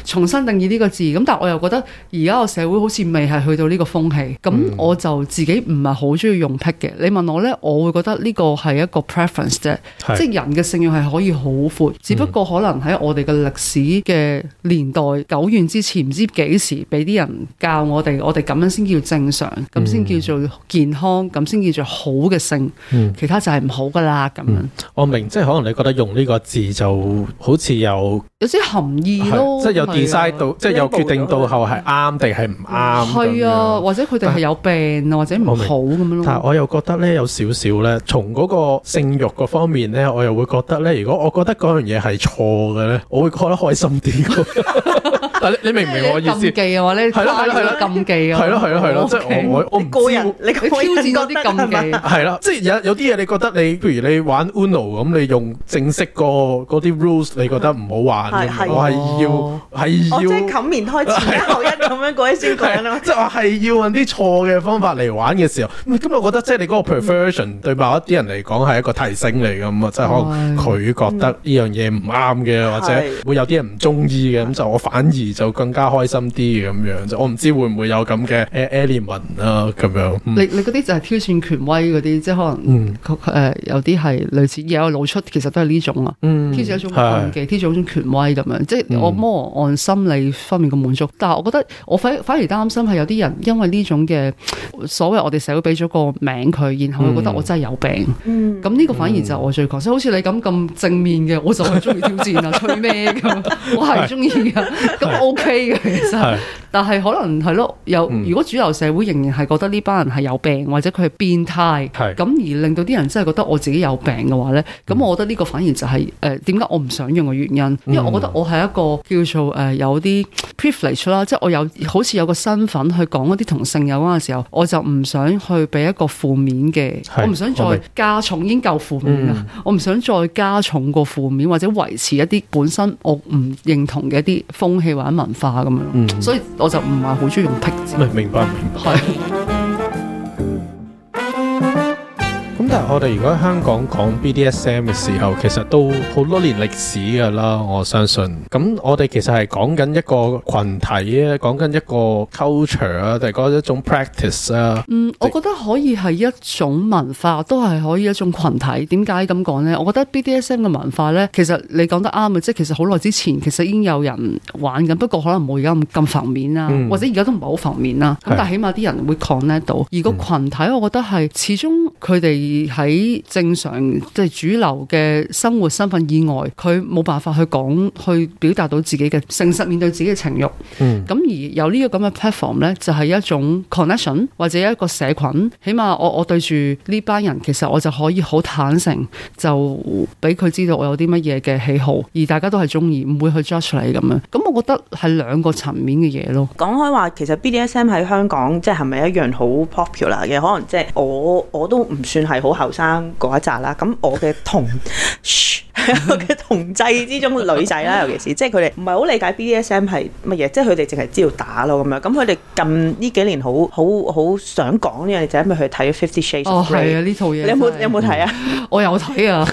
重新定義呢個字。咁但係我又覺得而家個社會好似未係去到呢個風氣，咁我就自己唔係好中意用癖嘅。你問我咧，我會覺得呢個係一個 preference 啫，即係人嘅性慾係可以好闊，只不過可能喺我哋嘅歷史嘅年代久遠、嗯、之前。唔知幾時俾啲人教我哋，我哋咁樣先叫正常，咁先叫做健康，咁、嗯、先叫做好嘅性、嗯，其他就係唔好噶啦咁樣、嗯。我明，即係可能你覺得用呢個字就好似有有啲含義咯，即係有 design 到，啊、即係有決定到後係啱定係唔啱。係啊，或者佢哋係有病或者唔好咁樣咯。但我又覺得咧，有少少咧，從嗰個性慾嗰方面咧，我又會覺得咧，如果我覺得嗰樣嘢係錯嘅咧，我會覺得開心啲 。你明？意思你禁忌嘅話咧，係啦係啦禁忌啊，係咯係咯係咯，即係 我我，我你個人，你個人挑戰多啲禁忌係啦，即係、 就是、有有啲嘢你覺得你，譬如你玩 Uno 咁，你用正式個嗰啲 rules 你覺得唔好玩，是是是我係要係要，即係冚棉胎前一後一咁樣講一啲規律啦，即係我係要揾啲錯嘅方法嚟玩嘅時候，咁我覺得即係你嗰個 perversion 對某一啲人嚟講係一個提升嚟嘅，咁啊即係可能佢覺得呢、嗯、樣嘢唔啱嘅，或者是會有啲人唔中意嘅，咁就我反而就更。加開心啲嘅咁樣就，我唔知會唔會有咁嘅 element 啊咁樣。嗯、你你嗰啲就係挑戰權威嗰啲，即係可能，誒、嗯呃、有啲係類似有露出，其實都係呢種啊、嗯。挑戰一種禁忌、嗯，挑戰一種權威咁樣。即係我摸按、嗯、心理方面嘅滿足，但係我覺得我反反而擔心係有啲人因為呢種嘅所謂我哋社會俾咗個名佢，然後佢覺得我真係有病。咁、嗯、呢個反而就係我最狂、嗯，所以好似你咁咁正面嘅，我就係中意挑戰啊， 吹咩咁，我係中意噶。咁 那麼 OK。 其實但係可能係咯。如果主流社會仍然係覺得呢班人係有病，或者佢係變態，咁而令到啲人真係覺得我自己有病嘅話咧，咁我覺得呢個反而就係誒點解我唔想用嘅原因，因為我覺得我係一個叫做誒、呃、有啲 privilege 啦，即係我有好似有個身份去講嗰啲同性有關嘅時候，我就唔想去俾一個負面嘅，的我唔想再加重已經夠負面啦，我唔想再加重個負面或者維持一啲本身我唔認同嘅一啲風氣或者文化。咁、嗯、所以我就唔係好中意用僻字。明白。明白，明白。 咁但係我哋如果喺香港講 BDSM 嘅時候，其實都好多年歷史㗎啦，我相信。咁我哋其實係講緊一個群體啊，講緊一個 culture 啊，定係講一種 practice 啊。嗯，我覺得可以係一種文化，都係可以一種群體。點解咁講呢？我覺得 BDSM 嘅文化呢，其實你講得啱啊，即係其實好耐之前其實已經有人玩緊，不過可能冇而家咁咁浮面啦、嗯，或者而家都唔係好浮面啦。咁但係起碼啲人會 connect 到。而個群體，我覺得係始終佢哋。喺正常即係、就是、主流嘅生活身份以外，佢冇辦法去講，去表達到自己嘅誠實面對自己嘅情欲。嗯，咁而有呢個咁嘅 platform 咧，就係、是、一種 connection 或者一個社群。起碼我我對住呢班人，其實我就可以好坦誠，就俾佢知道我有啲乜嘢嘅喜好，而大家都係中意唔會去 judge 你咁樣。咁我覺得係兩個層面嘅嘢咯。講開話，其實 BDSM 喺香港即係咪一樣好 popular 嘅？可能即係我我都唔算係。好後生嗰一紮啦，咁我嘅同喺 我嘅同儕之中女仔啦，尤其是即係佢哋唔係好理解 BDSM 係乜嘢，即係佢哋淨係知道打囉咁樣。咁佢哋近呢幾年好好好想講呢樣嘢，就係因為佢睇《Fifty Shades》哦，係啊，呢套嘢你有冇有冇睇啊？我有睇啊。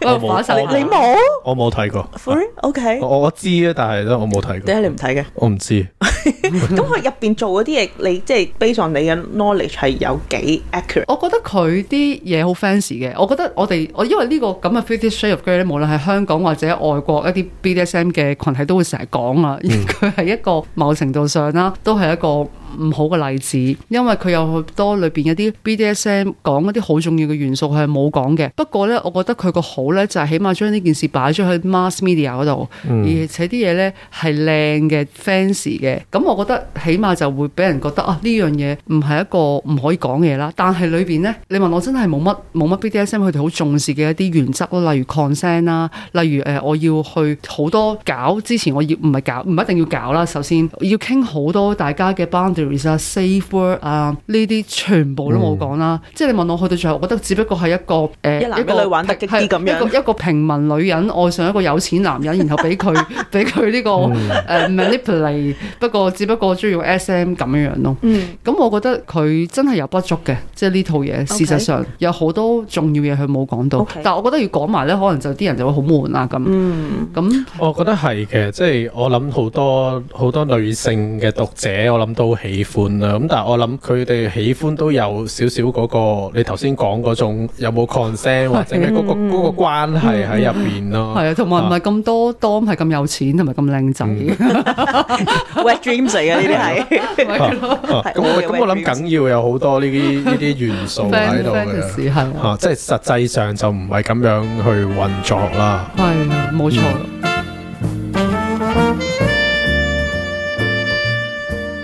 你冇，我冇睇過。For real? OK. 我我知啊，但係咧我冇睇。點解你唔睇嘅？我唔知。咁佢入邊做嗰啲嘢，你即係 base 上你嘅 knowledge 係有幾 accurate？ 我覺得佢啲嘢好 fancy 嘅。我覺得我哋我因為呢個咁嘅 Fifty Shades of Grey 嘅呢，無論喺香港或者外國一啲 BDSM 嘅群體都會成日講啊。佢、嗯、係一個某程度上啦，都係一個。唔好嘅例子，因為佢有好多裏邊一啲 BDSM 講一啲好重要嘅元素係冇講嘅。不過咧，我覺得佢個好咧就係、是、起碼將呢件事擺咗去 Mass Media 度，嗯，而且啲嘢咧係靚嘅 fancy 嘅。咁我覺得起碼就會俾人覺得啊，呢樣嘢唔係一個唔可以講嘢啦。但係裏邊咧，你問我真係冇乜冇乜 BDSM 佢哋好重視嘅一啲原則咯，例如 consent 啦，啊，例如誒、呃、我要去好多搞之前，我要唔係搞唔一定要搞啦。首先要傾好多大家嘅班。s 啊，safe word 啊，呢啲全部都冇講啦。即係你問我去到最後，我覺得只不過係一個誒、呃，一個係一個一個平民女人愛上一個有錢男人， 然後俾佢俾佢呢個誒 manipulate。嗯呃、maniple, 不過只不過中意用 SM 咁樣樣咯。咁、嗯、我覺得佢真係有不足嘅，即係呢套嘢、okay, 事實上有好多重要嘢佢冇講到。Okay, 但係我覺得要講埋咧，可能就啲人就會好悶啊咁。咁、嗯，我覺得係嘅，即、就、係、是、我諗好多好多女性嘅讀者，我諗都。喜歡啦，咁但係我諗佢哋喜歡都有少少嗰個，你頭先講嗰種有冇 consent，或者係嗰個嗰個關係喺入邊咯。係啊，同埋唔係咁多 dom 係咁有錢，同埋咁靚仔，wet dream 嚟嘅呢啲係。咁我咁我諗緊要有好多呢啲呢啲元素喺度㗎，嚇即係實際上就唔係咁樣去運作啦。係，冇錯。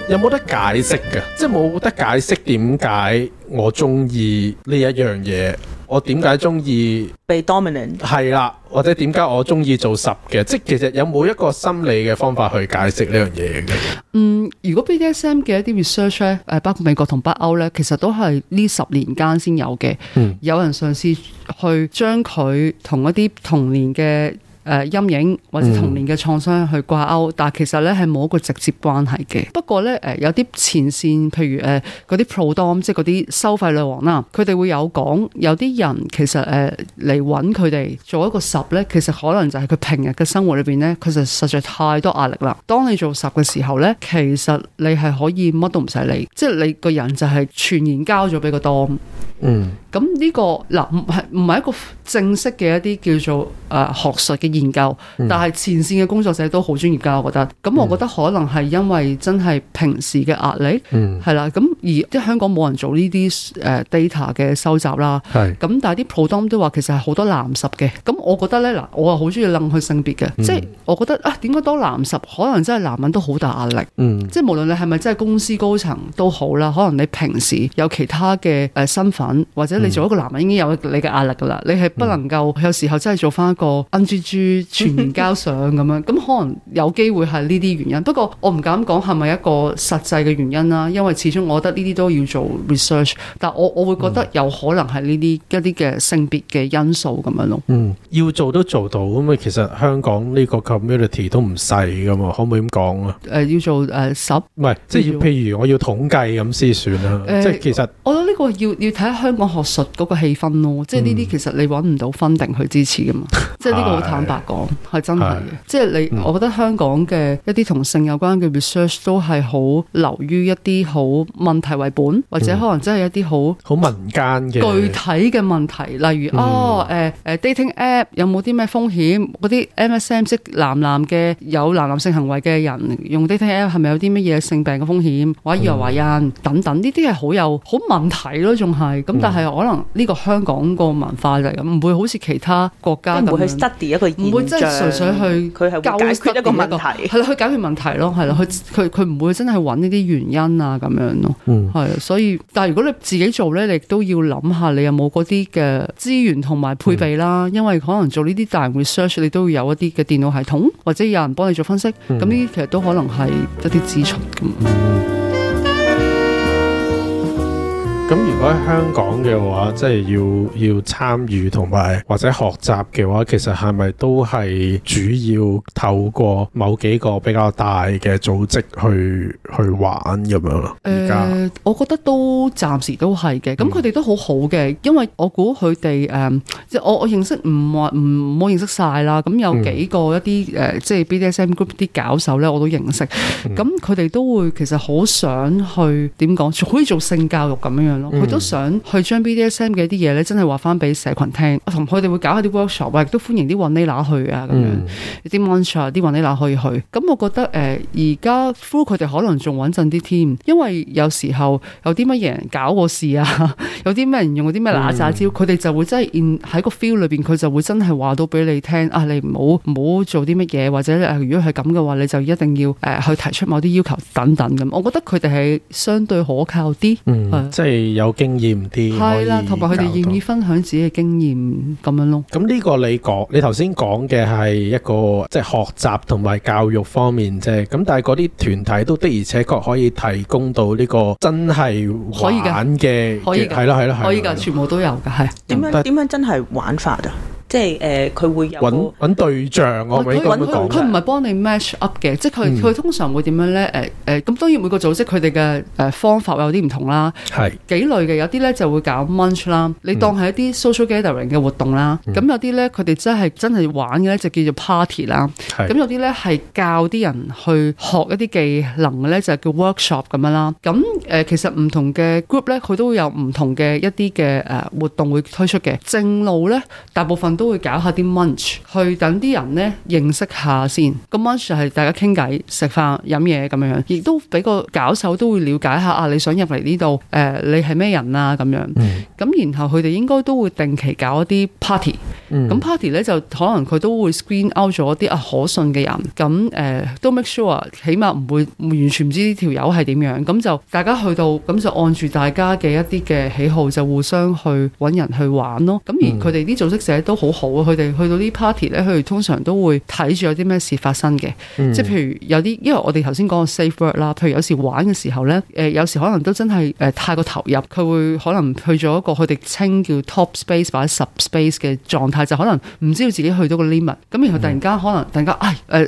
有冇得解釋嘅？即係冇得解釋點解我中意呢一樣嘢？我點解中意被 dominant？係啦，或者點解我中意做十嘅？即係其實有冇一個心理嘅方法去解釋呢樣嘢嘅？嗯，如果 BDSM 嘅一啲 research 咧，誒包括美國同北歐咧，其實都係呢十年間先有嘅。嗯，有人嘗試去將佢同一啲童年嘅誒、呃、陰影或者童年嘅創傷去掛鈎，嗯、但係其實咧係冇一個直接關係嘅。不過咧，誒、呃、有啲前線，譬如誒嗰、呃、啲 prodom，即係嗰啲收費女王啦，佢哋會有講，有啲人其實誒嚟揾佢哋做一個十咧，其實可能就係佢平日嘅生活裏邊咧，佢就實，實在太多壓力啦。當你做十嘅時候咧，其實你係可以乜都唔使理，即、就、係、是、你個人就係全然交咗俾個 dom。嗯。咁呢、這個嗱唔係唔係一個正式嘅一啲叫做誒、呃、學術嘅研究，嗯、但係前線嘅工作者都好專業㗎，我覺得。咁、嗯、我覺得可能係因為真係平時嘅壓力，係、嗯、啦。咁而即香港冇人做呢啲誒 data 嘅收集啦。咁但啲 pro dom 都話其實係好多男 M 嘅。咁我覺得呢，嗱，我啊好中意擰佢性別嘅，即、嗯、係、就是、我覺得啊點解多男 M？可能真係男人都好大壓力。即、嗯、係、就是、無論你係咪真係公司高層都好啦，可能你平時有其他嘅身份或者、嗯。你做一個男人已經有你嘅壓力㗎啦，你係不能夠有時候真係做翻一個 N G G 全交相咁樣，咁 可能有機會係呢啲原因。不過我唔敢講係咪一個實際嘅原因啦，因為始終我覺得呢啲都要做 research。但我我會覺得有可能係呢啲一啲嘅性別嘅因素咁樣咯。嗯，要做都做到咁啊，其實香港呢個 community 都唔細㗎嘛，可唔可以咁講啊？誒、呃，要做誒十，唔、呃、係即係要譬如我要統計咁先算啦、呃。即係其實我覺得呢個要要睇下香港學。述、那、嗰個氣氛咯，即係呢啲其實你揾唔到分定去支持噶嘛，嗯、即係呢個好坦白講係真係嘅。即係你、嗯，我覺得香港嘅一啲同性有關嘅 research 都係好流於一啲好問題為本，嗯、或者可能真係一啲好好民間嘅具體嘅問題，例如、嗯、哦誒、呃呃、dating app 有冇啲咩風險？嗰啲 M S M 即男男嘅有男男性行為嘅人用 dating app 係咪有啲乜嘢性病嘅風險？嗯、或以為懷孕等等呢啲係好有好問題咯，仲係咁，但係我。可能呢個香港個文化嚟，係咁，唔會好似其他國家咁去 study 一個，唔會真係純粹去佢係解決一個問題，係啦，去解決問題咯，係啦，佢佢佢唔會真係揾呢啲原因啊咁樣咯，係，所以但係如果你自己做咧，你都要諗下你有冇嗰啲嘅資源同埋配備啦、嗯，因為可能做呢啲大型 research，你都要有一啲嘅電腦系統或者有人幫你做分析，咁呢啲其實都可能係一啲支出。咁如果喺香港嘅話，即係要要參與同埋或者學習嘅話，其實係咪都係主要透過某幾個比較大嘅組織去去玩咁樣咯，而家誒、呃，我覺得都暫時都係嘅。咁佢哋都好好嘅、嗯，因為我估佢哋誒，即、呃、係我我認識唔話唔好認識晒啦。咁有幾個一啲誒、嗯呃，即係 BDSM group 啲搞手咧，我都認識。咁佢哋都會其實好想去點講，好似做性教育咁樣樣。佢、嗯、都想去將 BDSM 嘅一啲嘢咧，真係話翻俾社群聽。同佢哋會搞下啲 workshop，我亦都歡迎啲雲呢拿去啊，咁樣啲 munch 啊，啲雲呢拿可以去。咁我覺得誒，而家 full 佢哋可能仲穩陣啲添，因為有時候有啲乜嘢人搞我事啊，有啲乜人用嗰啲咩拿炸招，佢、嗯、哋就會真係喺個 feel 裏邊，佢就會真係話到俾你聽啊，你唔好唔好做啲乜嘢，或者如果係咁嘅話，你就一定要誒、呃、去提出某啲要求等等咁。我覺得佢哋係相對可靠啲。即、嗯、係。有經驗啲，係啦，同埋佢哋願意分享自己嘅經驗咁樣咯。咁呢個你講，你頭先講嘅係一個即係、就是、學習同埋教育方面啫。咁但係嗰啲團體都的而且確可以提供到呢個真係玩嘅，係啦係啦係。可以㗎，全部都有㗎，係。點樣點樣真係玩法啊？即係誒佢會有揾揾對象，佢唔係幫你 match up 嘅，嗯、即係佢佢通常會點樣咧？誒誒咁當然每個組織佢哋嘅誒方法有啲唔同啦，係幾類嘅。有啲咧就會搞 munch 啦、嗯，你當係一啲 social gathering 嘅活動啦。咁、嗯、有啲咧，佢哋真係真係玩嘅咧，就叫做 party 啦、嗯。咁有啲咧係教啲人去學一啲技能嘅咧，就係叫 workshop 咁樣啦。咁誒、呃、其實唔同嘅 group 咧，佢都會有唔同嘅一啲嘅誒活動會推出嘅。正路咧，大部分都。都會搞下啲 munch，去等啲人咧認識下先。個 munch 係大家傾偈、食飯、飲嘢咁樣，亦都俾個搞手都會了解下啊！你想入嚟呢度，誒、呃，你係咩人啊？咁樣。咁、mm. 然後佢哋應該都會定期搞一啲 party、mm.。咁 party 呢，就可能佢都會 screen out 咗啲啊可信嘅人。咁、呃、都 make sure，起碼唔會完全唔知呢條友係點樣。咁就大家去到咁就按住大家嘅一啲嘅喜好就互相去揾人去玩咯。咁而佢哋啲組織者都好。好，佢哋去到啲 party 咧，佢哋通常都會睇住有啲咩事發生嘅。即、嗯、係譬如有啲，因為我哋頭先講個 safe word 啦，譬如有時玩嘅時候咧，誒，有時可能都真係誒太過投入，佢會可能去咗一個佢哋稱叫 top space 或者 sub space 嘅狀態，就可能唔知道自己去到個 limit。咁然後突然間可能突然間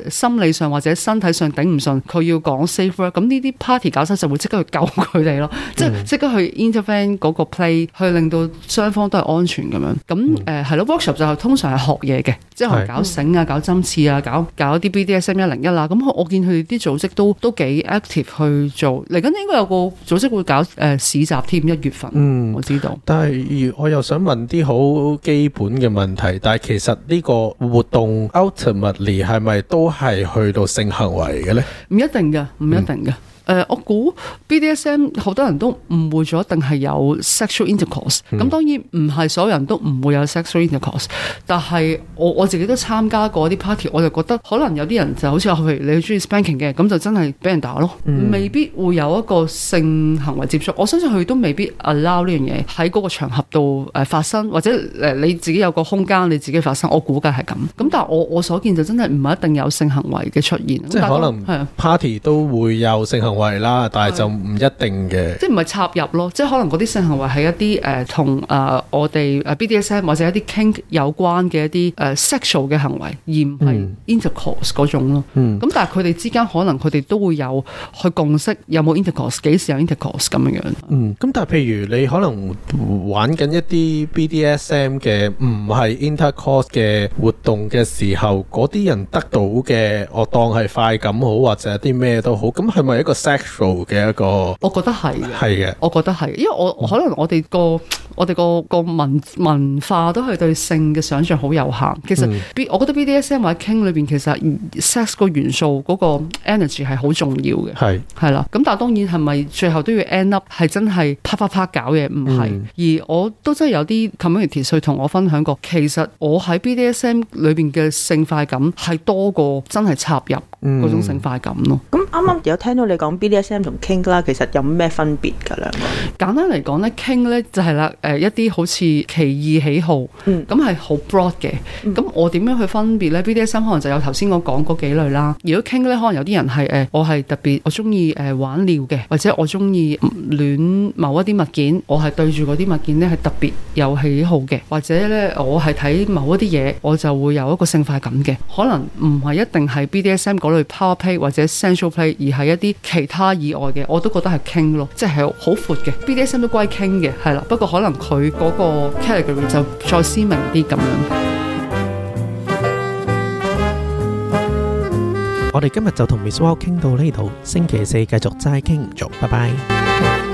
誒，心理上或者身體上頂唔順，佢要講 safe word。咁呢啲 party 搞身就會即刻去救佢哋咯，即係即刻去 intervene 嗰個 play，去令到雙方都係安全咁樣。咁誒係咯，workshop 就。通常係學嘢嘅，即係搞繩啊、搞針刺啊、搞搞啲 BDSM 一零一啦。咁我我見佢哋啲組織都都幾 active 去做，嚟緊應該有個組織會搞誒市集添，一、呃、月份。嗯，我知道。嗯、但係我又想問啲好基本嘅問題，但係其實呢個活動 ultimately 係咪都係去到性行為嘅咧？唔一定嘅，唔一定嘅。嗯呃，我估 BDSM 好多人都誤會咗，定係有 sexual intercourse、嗯。咁當然唔係所有人都唔會有 sexual intercourse，但係我我自己都參加過啲 party，我就覺得可能有啲人就好似佢、嗯，你中意 spanking 嘅，咁就真係俾人打咯，未必會有一個性行為接觸。我相信佢都未必 allow 呢樣嘢喺個場合度發生，或者你自己有個空間你自己發生。我估計係咁。咁但係我我所見就真係唔係一定有性行為嘅出現，即係可能 party, party 都會有性行為。係啦，但係就唔一定嘅。即係唔係插入咯？即可能嗰啲性行為係一啲誒同我哋 BDSM 或者一啲傾有關嘅一啲誒 sexual 嘅行為，而唔係 intercourse 嗰種咯。咁、嗯嗯、但係佢哋之間可能佢哋都會有去共識有冇 intercourse 幾時有 intercourse 咁樣。嗯。咁但係譬如你可能玩緊一啲 BDSM 嘅唔係 intercourse 嘅活動嘅時候，嗰啲人得到嘅我當係快感好，或者啲咩都好，咁係咪一個性？sexual 嘅一個，我覺得係，係嘅，我覺得係，因為我、嗯、可能我哋個我哋個個文文化都係對性嘅想像好有限。其實 B，、嗯、我覺得 BDSM 或者 Kink 裏邊其實 sex 個元素嗰、那個 energy 係好重要嘅，係係啦。咁但係當然係咪最後都要 end up 係真係啪啪啪搞嘢？唔係、嗯。而我都真係有啲 community 去同我分享過，其實我喺 BDSM 裏邊嘅性快感係多過真係插入嗰種性快感咯。咁啱啱有聽到你講。BDSM 同 King 啦，其實有咩分別噶兩個？簡單嚟講咧，King 咧就係啦，一啲好似奇異喜好，嗯，咁係好 broad 嘅。咁、嗯、我點樣去分別咧？BDSM 可能就有頭先我講嗰幾類啦。如果 King 咧，可能有啲人係我係特別，我中意玩尿嘅，或者我中意戀某一啲物件，我係對住嗰啲物件咧係特別有喜好嘅，或者咧我係睇某一啲嘢，我就會有一個性快感嘅。可能唔係一定係 BDSM 嗰類 power play 或者 central play，而係一啲奇。其他以外嘅，我都覺得係傾咯，即係好闊嘅，BDSM 都歸傾嘅，係啦。不過可能佢嗰個 category 就再鮮明啲咁樣。我哋今日就同 Miss Wow 傾到呢度，星期四繼續齋傾唔做，拜拜。